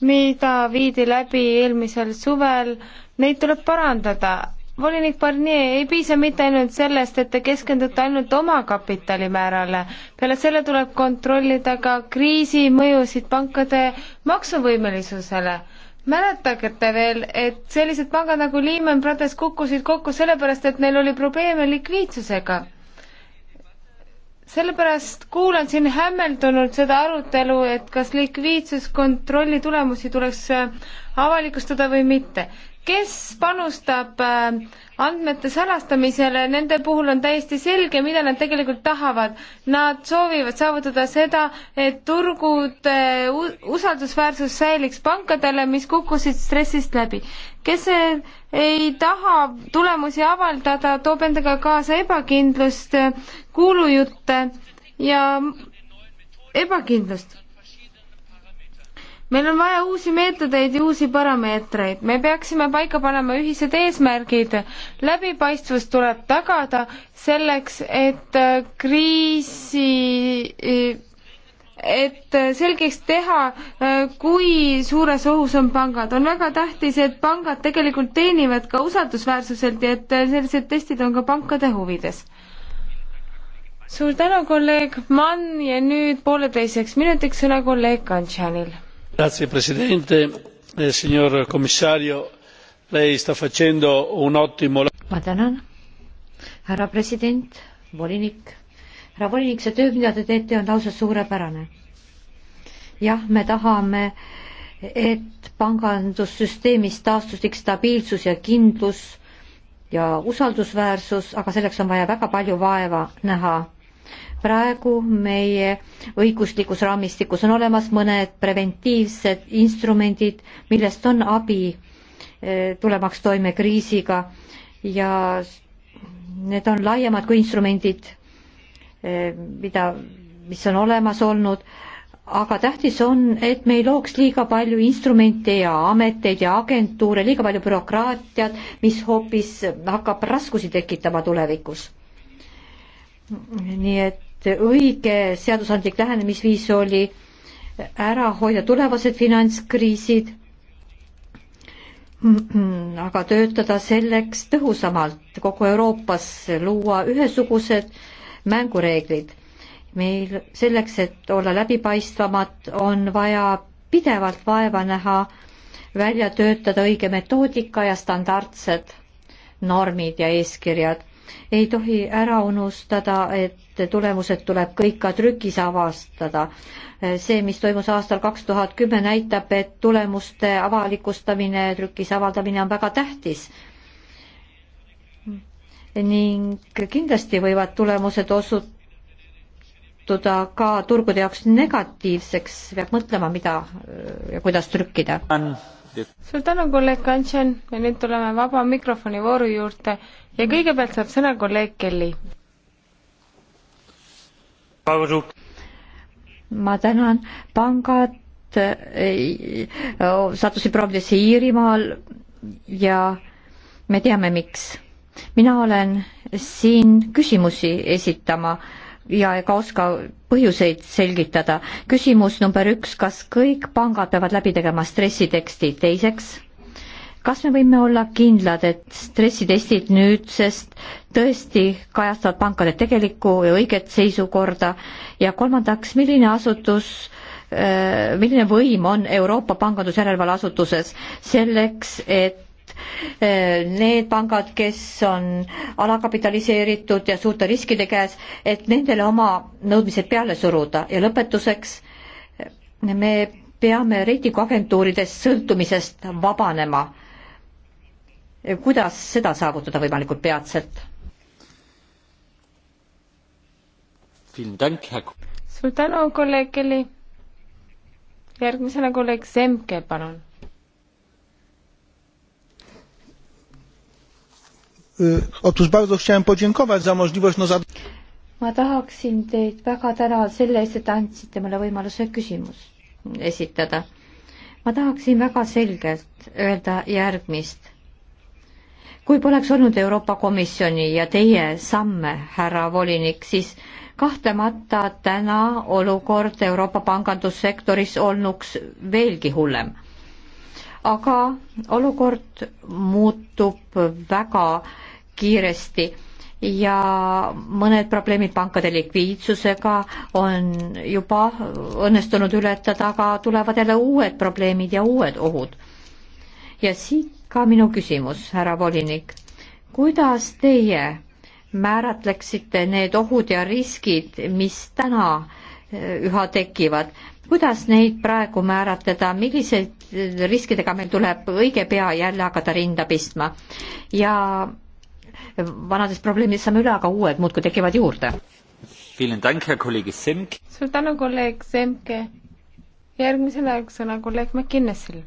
mida viidi läbi eelmisel suvel, neid tuleb parandada volinik Barnier, ei piisa mitte ainult sellest, et te keskendute ainult oma kapitalimäärale. peale selle tuleb kontrollida ka kriisi mõjusid pankade maksuvõimelisusele. mäletage te veel, et sellised pangad nagu Lehman Brothers kukkusid kokku sellepärast, et neil oli probleeme likviidsusega. sellepärast kuulan siin hämmeldunult seda arutelu, et kas likviidsuskontrolli tulemusi tuleks avalikustada või mitte kes panustab äh, andmete salastamisele, nende puhul on täiesti selge, mida nad tegelikult tahavad. Nad soovivad saavutada seda, et turgude usaldusväärsus säiliks pankadele, mis kukkusid stressist läbi. kes ei taha tulemusi avaldada, toob endaga kaasa ebakindlust, kuulujutte ja ebakindlust meil on vaja uusi meetodeid ja uusi parameetreid, me peaksime paika panema ühised eesmärgid, läbipaistvus tuleb tagada selleks, et äh, kriisi, äh, et äh, selgeks teha, kui suures ohus on pangad. on väga tähtis, et pangad tegelikult teenivad ka usaldusväärsuselt ja et sellised testid on ka pankade huvides suur tänu, kolleeg Mann ja nüüd pooleteiseks minutiks sõna kolleeg Kantšanil signor presidente eh, signor commissario lei sta facendo un ottimo ma tänan härra president volinik härra volinik see töö mida te teete on lausa suurepärane jah me tahame et pangandussüsteemis taastuslik stabiilsus ja kindlus ja usaldusväärsus aga selleks on vaja väga palju vaeva näha praegu meie õiguslikus raamistikus on olemas mõned preventiivsed instrumendid, millest on abi eh, tulemaks toime kriisiga ja need on laiemad kui instrumendid, eh, mida, mis on olemas olnud, aga tähtis on, et me ei looks liiga palju instrumente ja ameteid ja agentuure, liiga palju bürokraatiat, mis hoopis hakkab raskusi tekitama tulevikus. nii et et õige seadusandlik lähenemisviis oli ära hoida tulevased finantskriisid, aga töötada selleks tõhusamalt, kogu Euroopas luua ühesugused mängureeglid. meil selleks, et olla läbipaistvamad, on vaja pidevalt vaeva näha, välja töötada õige metoodika ja standardsed normid ja eeskirjad ei tohi ära unustada, et tulemused tuleb kõik ka trükis avastada. see, mis toimus aastal kaks tuhat kümme, näitab, et tulemuste avalikustamine, trükis avaldamine on väga tähtis ning kindlasti võivad tulemused osutuda ka turgude jaoks negatiivseks, peab mõtlema, mida ja kuidas trükkida suur tänu, kolleeg Kantšen ja nüüd tuleme vaba mikrofoni vooru juurde ja kõigepealt saab sõna kolleeg Kelly. ma tänan, pangad eh, sattusid probleemisse Iirimaal ja me teame, miks. mina olen siin küsimusi esitama äh, ja ega oska põhjuseid selgitada. küsimus number üks, kas kõik pangad peavad läbi tegema stressiteksti, teiseks, kas me võime olla kindlad, et stressitestid nüüdsest tõesti kajastavad pankade tegelikku ja õiget seisukorda ja kolmandaks, milline asutus äh, milline võim on Euroopa Pangandusjärelevalve asutuses selleks, et Äh, need pangad, kes on alakapitaliseeritud ja suurte riskide käes, et nendele oma nõudmised peale suruda ja lõpetuseks me peame reitinguagentuuridest sõltumisest vabanema. kuidas seda saavutada võimalikult peatselt? suur tänu, kolleeg Kelly. järgmisena kolleeg Semke, palun otóż bardzo chciałem podziękować za możliwość no, zad- ma tahaksin teid väga tänada selle eest, et andsite mulle võimaluse küsimus esitada. ma tahaksin väga selgelt öelda järgmist. kui poleks olnud Euroopa Komisjoni ja teie samme, härra volinik, siis kahtlemata täna olukord Euroopa pangandussektoris olnuks veelgi hullem. aga olukord muutub väga äh, kiiresti ja mõned probleemid pankade likviidsusega on juba õnnestunud ületada, aga tulevad jälle uued probleemid ja uued ohud. ja siit ka minu küsimus, härra volinik. kuidas teie määratleksite need ohud ja riskid, mis täna eh, üha tekivad, kuidas neid praegu määratleda, milliseid riskidega meil tuleb õige pea jälle hakata rinda pistma ja vanadest probleemidest saame üle, aga uued muudkui tekivad juurde. suur tänu, kolleeg Semke. järgmisel ajal sõna kolleeg McInnesil.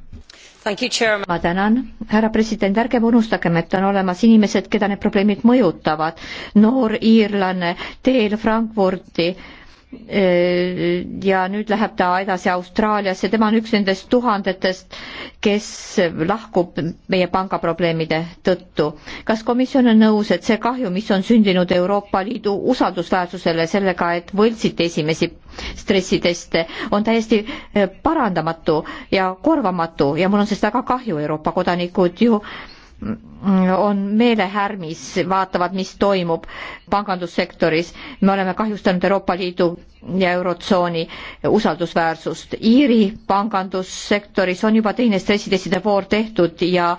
ma tänan, härra president, ärgem unustagem, et on olemas inimesed, keda need probleemid mõjutavad. noor iirlane teel Frankfurti äh, Äh, ja nüüd läheb ta edasi Austraaliasse, tema on üks nendest tuhandetest, kes lahkub meie pangaprobleemide tõttu. kas komisjon on nõus, et see kahju, mis on sündinud Euroopa Liidu usaldusväärsusele sellega, et võltsiti esimesi stressiteste, on täiesti äh, parandamatu ja korvamatu ja mul on sellest väga kahju, Euroopa kodanikud ju äh, on meelehärmis, vaatavad, mis toimub pangandussektoris. me oleme kahjustanud Euroopa Liidu ja Eurotsooni usaldusväärsust. Iiri pangandussektoris on juba teine stressitestide voor tehtud ja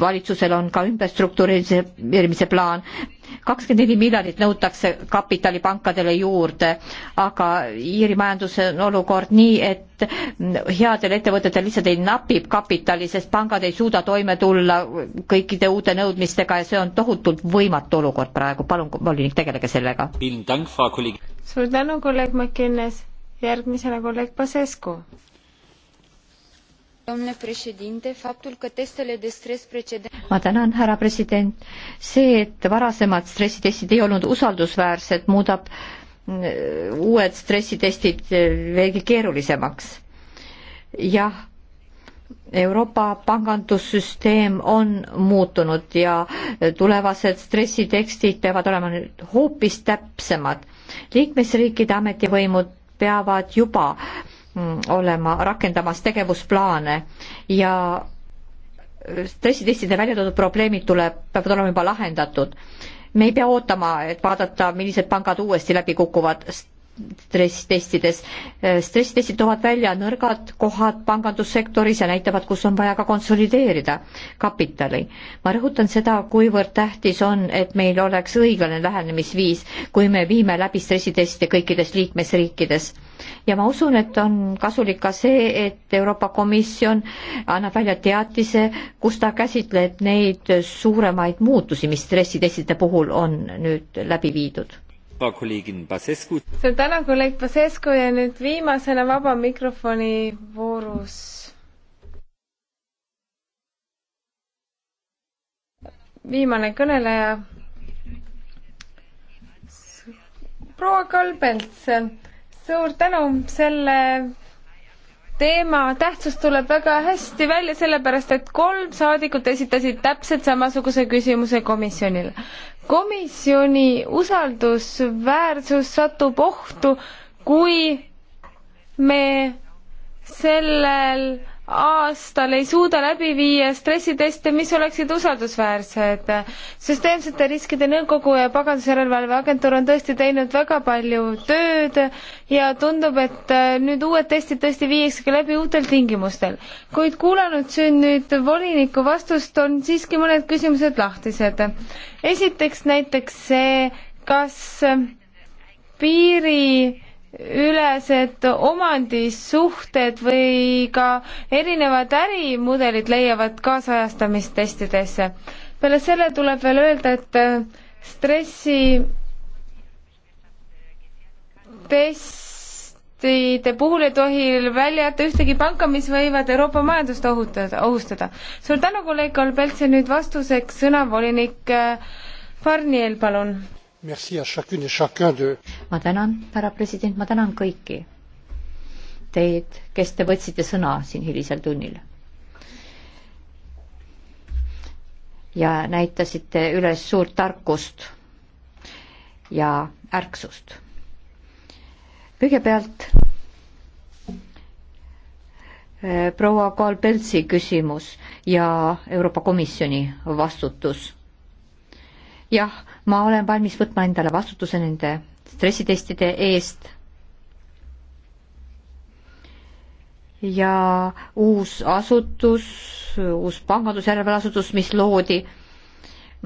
valitsusel on ka ümberstruktureerimise plaan. kakskümmend neli miljardit nõutakse kapitali pankadele juurde, aga Iiri majanduse olukord nii, et headel ettevõtetel lihtsalt ei napib kapitali, sest pangad ei suuda toime tulla kõikide uute nõudmistega ja see on tohutult võimatu olukord praegu. palun, volinik, tegelege sellega suur tänu, kolleeg McInnes, järgmisena kolleeg Pasescu. ma tänan, härra president. see, et varasemad stressitestid ei olnud usaldusväärsed, muudab mm, uued stressitestid eh, veelgi keerulisemaks. jah Euroopa pangandussüsteem on muutunud ja tulevased stressitekstid peavad olema nüüd hoopis täpsemad liikmesriikide ametivõimud peavad juba mm, olema rakendamas tegevusplaane ja stressitestide äh, välja toodud probleemid tuleb, peavad olema juba lahendatud. me ei pea ootama, et vaadata, millised pangad uuesti läbi kukuvad stress-testides. Äh, stress-testid toovad välja nõrgad kohad pangandussektoris ja näitavad, kus on vaja ka konsolideerida kapitali. ma rõhutan seda, kuivõrd tähtis on, et meil oleks õiglane lähenemisviis, kui me viime läbi stressiteste kõikides liikmesriikides. ja ma usun, et on kasulik ka see, et Euroopa Komisjon annab välja teatise, kus ta käsitleb neid suuremaid muutusi, mis stressitestide puhul on nüüd läbi viidud suur tänu, kolleeg Basescu ja nüüd viimasena vaba mikrofoni voorus. viimane kõneleja. proua Kalbelts, suur tänu selle teema tähtsus tuleb väga hästi välja, sellepärast et kolm saadikut esitasid täpselt samasuguse küsimuse komisjonile. komisjoni usaldusväärsus satub ohtu, kui me sellel aastal ei suuda läbi viia stressiteste, mis oleksid usaldusväärsed. süsteemsete riskide nõukogu ja pagandusjärelevalve agentuur on tõesti teinud väga palju tööd ja tundub, et äh, nüüd uued testid tõesti viiakse läbi uutel tingimustel. kuid kuulanud siin nüüd voliniku vastust, on siiski mõned küsimused lahtised. esiteks näiteks see, kas piiri ülesed omandisuhted või ka erinevad ärimudelid leiavad kaasajastamist testidesse. peale selle tuleb veel öelda, et äh, stressi testide puhul ei tohi välja jätta ühtegi panka, mis võivad Euroopa majandust ohutada, ohustada. suur tänu, kolleeg Kolbelts ja nüüd vastuseks sõna volinik äh, Farniel, palun ma tänan, härra president, ma tänan kõiki teid, kes te võtsite sõna siin hilisel tunnil. ja näitasite üles suurt tarkust ja ärksust. kõigepealt eh, proua Kolbeltsi küsimus ja Euroopa Komisjoni vastutus jah, ma olen valmis võtma endale vastutuse nende stressitestide eest. ja uus asutus, uus pangandusjärelevalveasutus, mis loodi,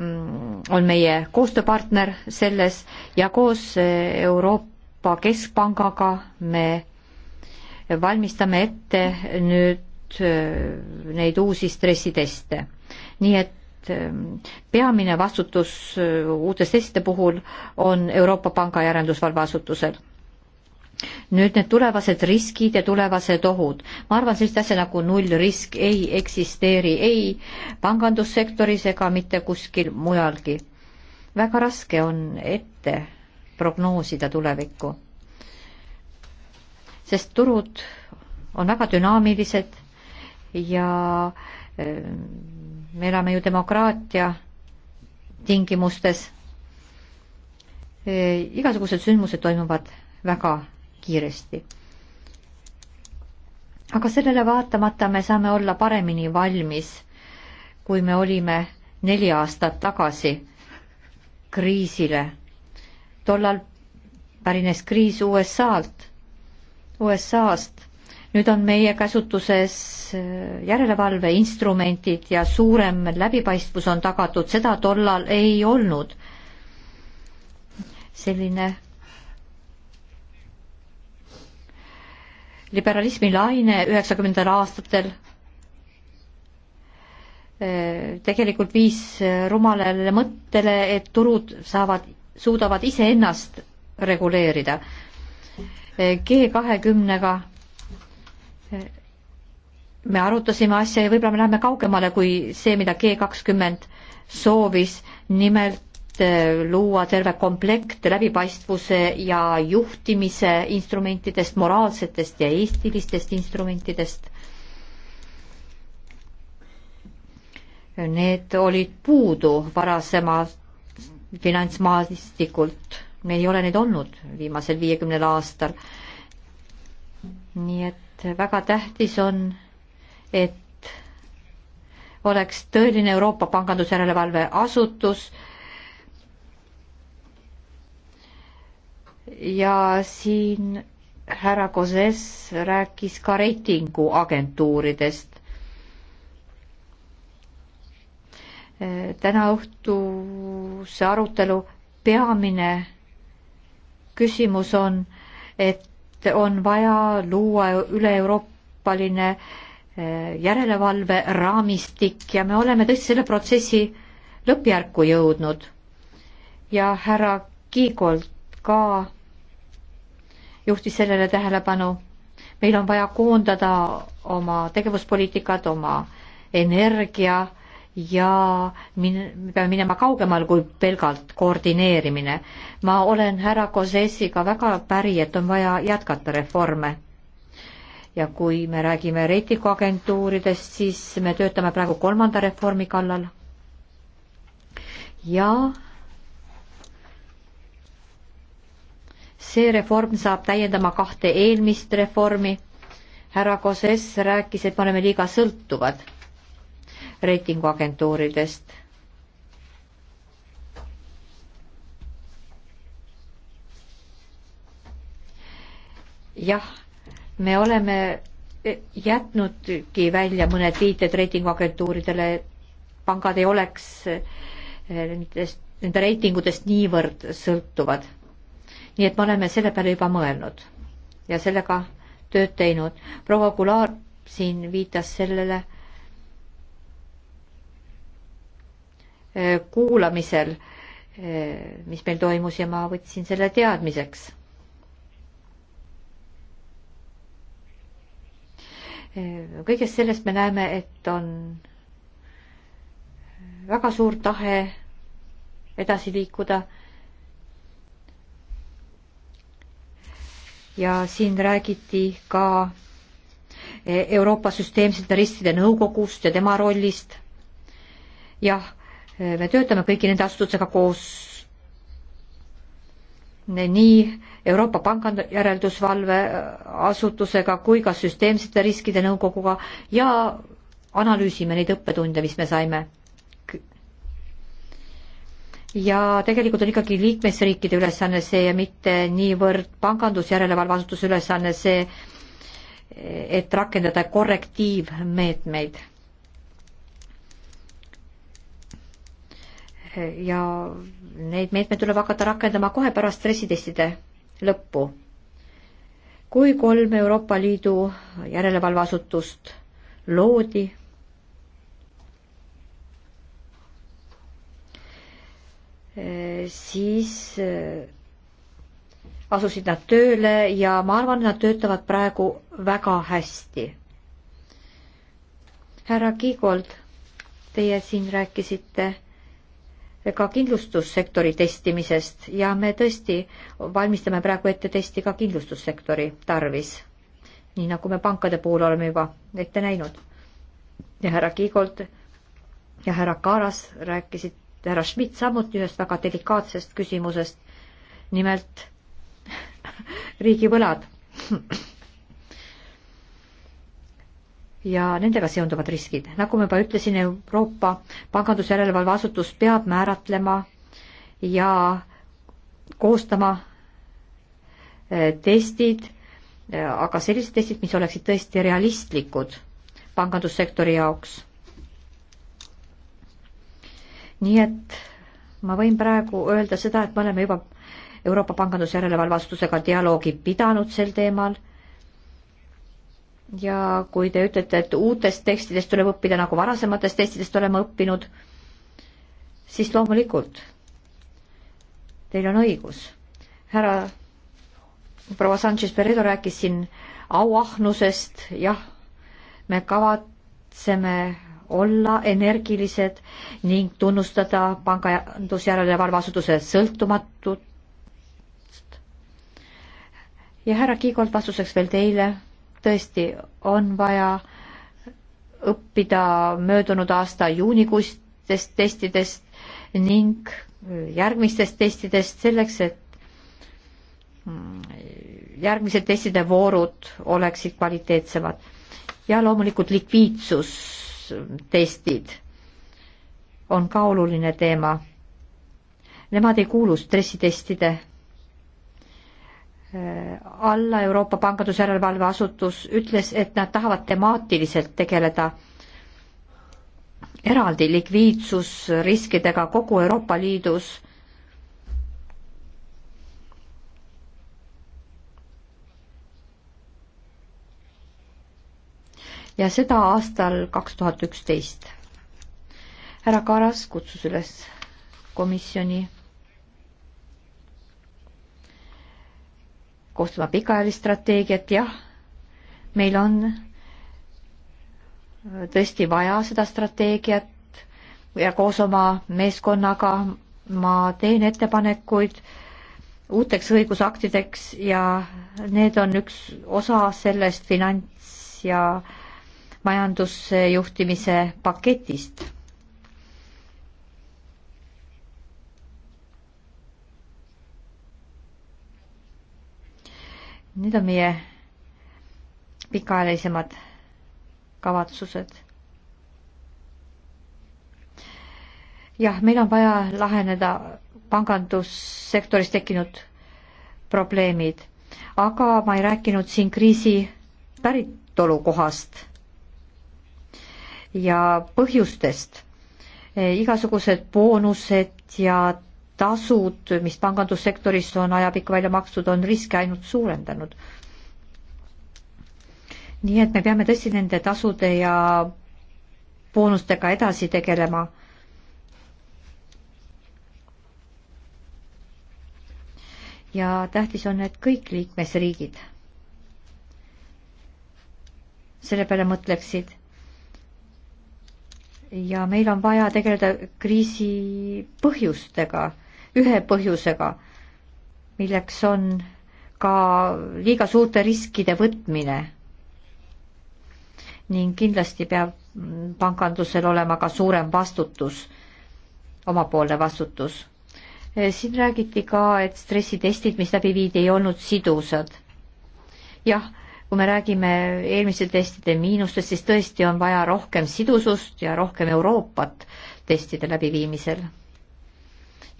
mm, on meie koostööpartner selles ja koos Euroopa Keskpangaga me valmistame ette nüüd äh, neid uusi stressiteste. nii et et ehm, peamine vastutus eh, uute testide puhul on Euroopa Panga järelevalveasutusel nüüd need tulevased riskid ja tulevased ohud. ma arvan, sellist asja nagu nullrisk ei eksisteeri ei pangandussektoris ega mitte kuskil mujalgi. väga raske on ette prognoosida tulevikku. sest turud on väga dünaamilised ja ehm, me elame ju demokraatia tingimustes. Eh, igasugused sündmused toimuvad väga kiiresti. aga sellele vaatamata me saame olla paremini valmis, kui me olime neli aastat tagasi kriisile. tollal pärines kriis USA-lt, USA-st nüüd on meie käsutuses äh, järelevalveinstrumendid ja suurem läbipaistvus on tagatud, seda tollal ei olnud. selline liberalismi laine üheksakümnendatel aastatel äh, tegelikult viis äh, rumalale mõttele, et turud saavad, suudavad iseennast reguleerida. G kahekümnega me arutasime asja ja võib-olla me läheme kaugemale kui see, mida G kakskümmend soovis, nimelt äh, luua terve komplekt läbipaistvuse ja juhtimise instrumentidest, moraalsetest ja eestilistest instrumentidest. Need olid puudu varasemalt finantsmaastikult, meil ei ole neid olnud viimasel viiekümnel aastal. nii et et väga tähtis on, et oleks tõeline Euroopa pangandusjärelevalve asutus ja siin härra Kozes rääkis ka reitinguagentuuridest. täna õhtuse arutelu peamine küsimus on, et on vaja luua üle-euroopaline eh, järelevalve raamistik ja me oleme tõesti selle protsessi lõppjärku jõudnud. ja härra Kiigolt ka juhtis sellele tähelepanu. meil on vaja koondada oma tegevuspoliitikat, oma energia ja min-, me peame minema kaugemale kui pelgalt koordineerimine. ma olen härra Kozessiga väga päri, et on vaja jätkata reforme. ja kui me räägime reitinguagentuuridest, siis me töötame praegu kolmanda reformi kallal. ja see reform saab täiendama kahte eelmist reformi. härra Kozess rääkis, et me oleme liiga sõltuvad reitinguagentuuridest. jah, me oleme jätnudki välja mõned viited reitinguagentuuridele, et pangad ei oleks eh, nendest, nende reitingutest niivõrd sõltuvad. nii et me oleme selle peale juba mõelnud ja sellega tööd teinud. proua Kular siin viitas sellele, Eh, kuulamisel, eh, mis meil toimus ja ma võtsin selle teadmiseks. Eh, kõigest sellest me näeme, et on väga suur tahe edasi liikuda. ja siin räägiti ka Euroopa Süsteemsete Riskide Nõukogust ja tema rollist. jah me töötame kõigi nende asutustega koos. nii Euroopa Pangandjäreldusvalve äh, asutusega kui ka süsteemsete riskide nõukoguga ja analüüsime neid õppetunde, mis me saime. ja tegelikult on ikkagi liikmesriikide ülesanne see ja mitte niivõrd pangandusjärelevalveasutuse ülesanne see, et rakendada korrektiivmeetmeid ja neid meetmeid tuleb hakata rakendama kohe pärast stressitestide lõppu. kui kolm Euroopa Liidu järelevalveasutust loodi, eh, siis eh, asusid nad tööle ja ma arvan, nad töötavad praegu väga hästi. härra Kiigold, teie siin rääkisite ka kindlustussektori testimisest ja me tõesti valmistame praegu ette testi ka kindlustussektori tarvis. nii nagu me pankade puhul oleme juba ette näinud. ja härra Kiigold ja härra Kaaras rääkisid, härra Schmidt samuti ühest väga delikaatsest küsimusest, nimelt riigivõlad ja nendega seonduvad riskid. nagu ma juba ütlesin, Euroopa Pangandusjärelevalve Asutus peab määratlema ja koostama eh, testid, eh, aga sellised testid, mis oleksid tõesti realistlikud pangandussektori jaoks. nii et ma võin praegu öelda seda, et me oleme juba Euroopa Pangandusjärelevalve Asutusega dialoogi pidanud sel teemal ja kui te ütlete, et uutest tekstidest tuleb õppida nagu varasematest tekstidest oleme õppinud, siis loomulikult teil on õigus. härra proua Sanchez Peredo rääkis siin auahnusest, jah, me kavatseme olla energilised ning tunnustada pangandusjärelevalve asutuse sõltumatut. ja härra Kiigolt vastuseks veel teile tõesti on vaja õppida möödunud aasta juunikuistest testidest ning järgmistest testidest selleks, et mm, järgmised testide voorud oleksid kvaliteetsemad. ja loomulikult likviidsustestid on ka oluline teema. Nemad ei kuulu stressitestide Äh, alla Euroopa Pangandusjärelevalve asutus ütles, et nad tahavad temaatiliselt tegeleda eraldi likviidsusriskidega kogu Euroopa Liidus. ja seda aastal kaks tuhat üksteist. härra Karas kutsus üles komisjoni koostama pikaajalist strateegiat, jah, meil on tõesti vaja seda strateegiat ja koos oma meeskonnaga ma teen ettepanekuid uuteks õigusaktideks ja need on üks osa sellest finants ja majandusjuhtimise paketist Need on meie pikaajalisemad kavatsused. jah, meil on vaja laheneda pangandussektoris tekkinud probleemid, aga ma ei rääkinud siin kriisi päritolu kohast ja põhjustest. igasugused boonused ja tasud, mis pangandussektoris on ajapikku välja makstud, on riske ainult suurendanud. nii et me peame tõesti nende tasude ja boonustega edasi tegelema. ja tähtis on, et kõik liikmesriigid selle peale mõtleksid. ja meil on vaja tegeleda kriisi põhjustega ühe põhjusega, milleks on ka liiga suurte riskide võtmine. ning kindlasti peab pangandusel olema ka suurem vastutus, omapoolne vastutus. siin räägiti ka, et stressitestid, mis läbi viidi, ei olnud sidusad. jah, kui me räägime eelmiste testide miinustest, siis tõesti on vaja rohkem sidusust ja rohkem Euroopat testide läbiviimisel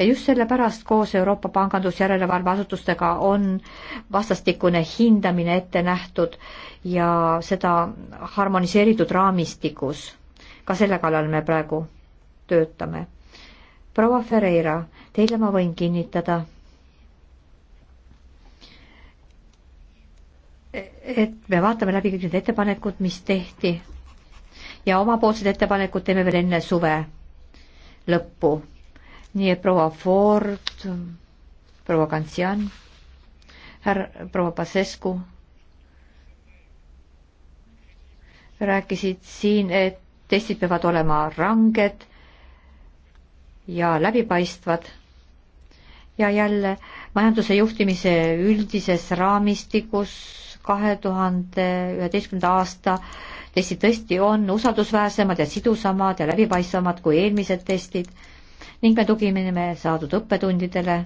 ja just sellepärast koos Euroopa pangandusjärelevalve asutustega on vastastikune hindamine ette nähtud ja seda harmoniseeritud raamistikus. ka selle kallal me praegu töötame. proua Ferreira, teile ma võin kinnitada, et me vaatame läbi kõik need ettepanekud, mis tehti ja omapoolsed ettepanekud teeme veel enne suve lõppu nii et proua Ford, proua Kantsian, härra, proua Pasescu rääkisid siin, et testid peavad olema ranged ja läbipaistvad ja jälle majanduse juhtimise üldises raamistikus kahe tuhande üheteistkümnenda aasta testid tõesti on usaldusväärsemad ja sidusamad ja läbipaistvamad kui eelmised testid ning me tugineme saadud õppetundidele.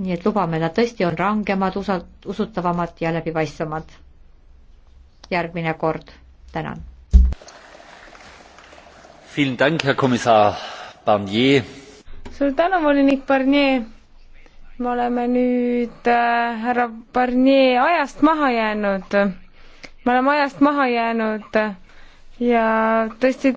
nii et lubame, nad tõesti on rangemad, usalt-, usutavamad ja läbipaistvamad. järgmine kord, tänan. suur tänu, volinik Barnier me oleme nüüd äh, härra Barnier ajast maha jäänud me oleme ajast maha jäänud ja tõesti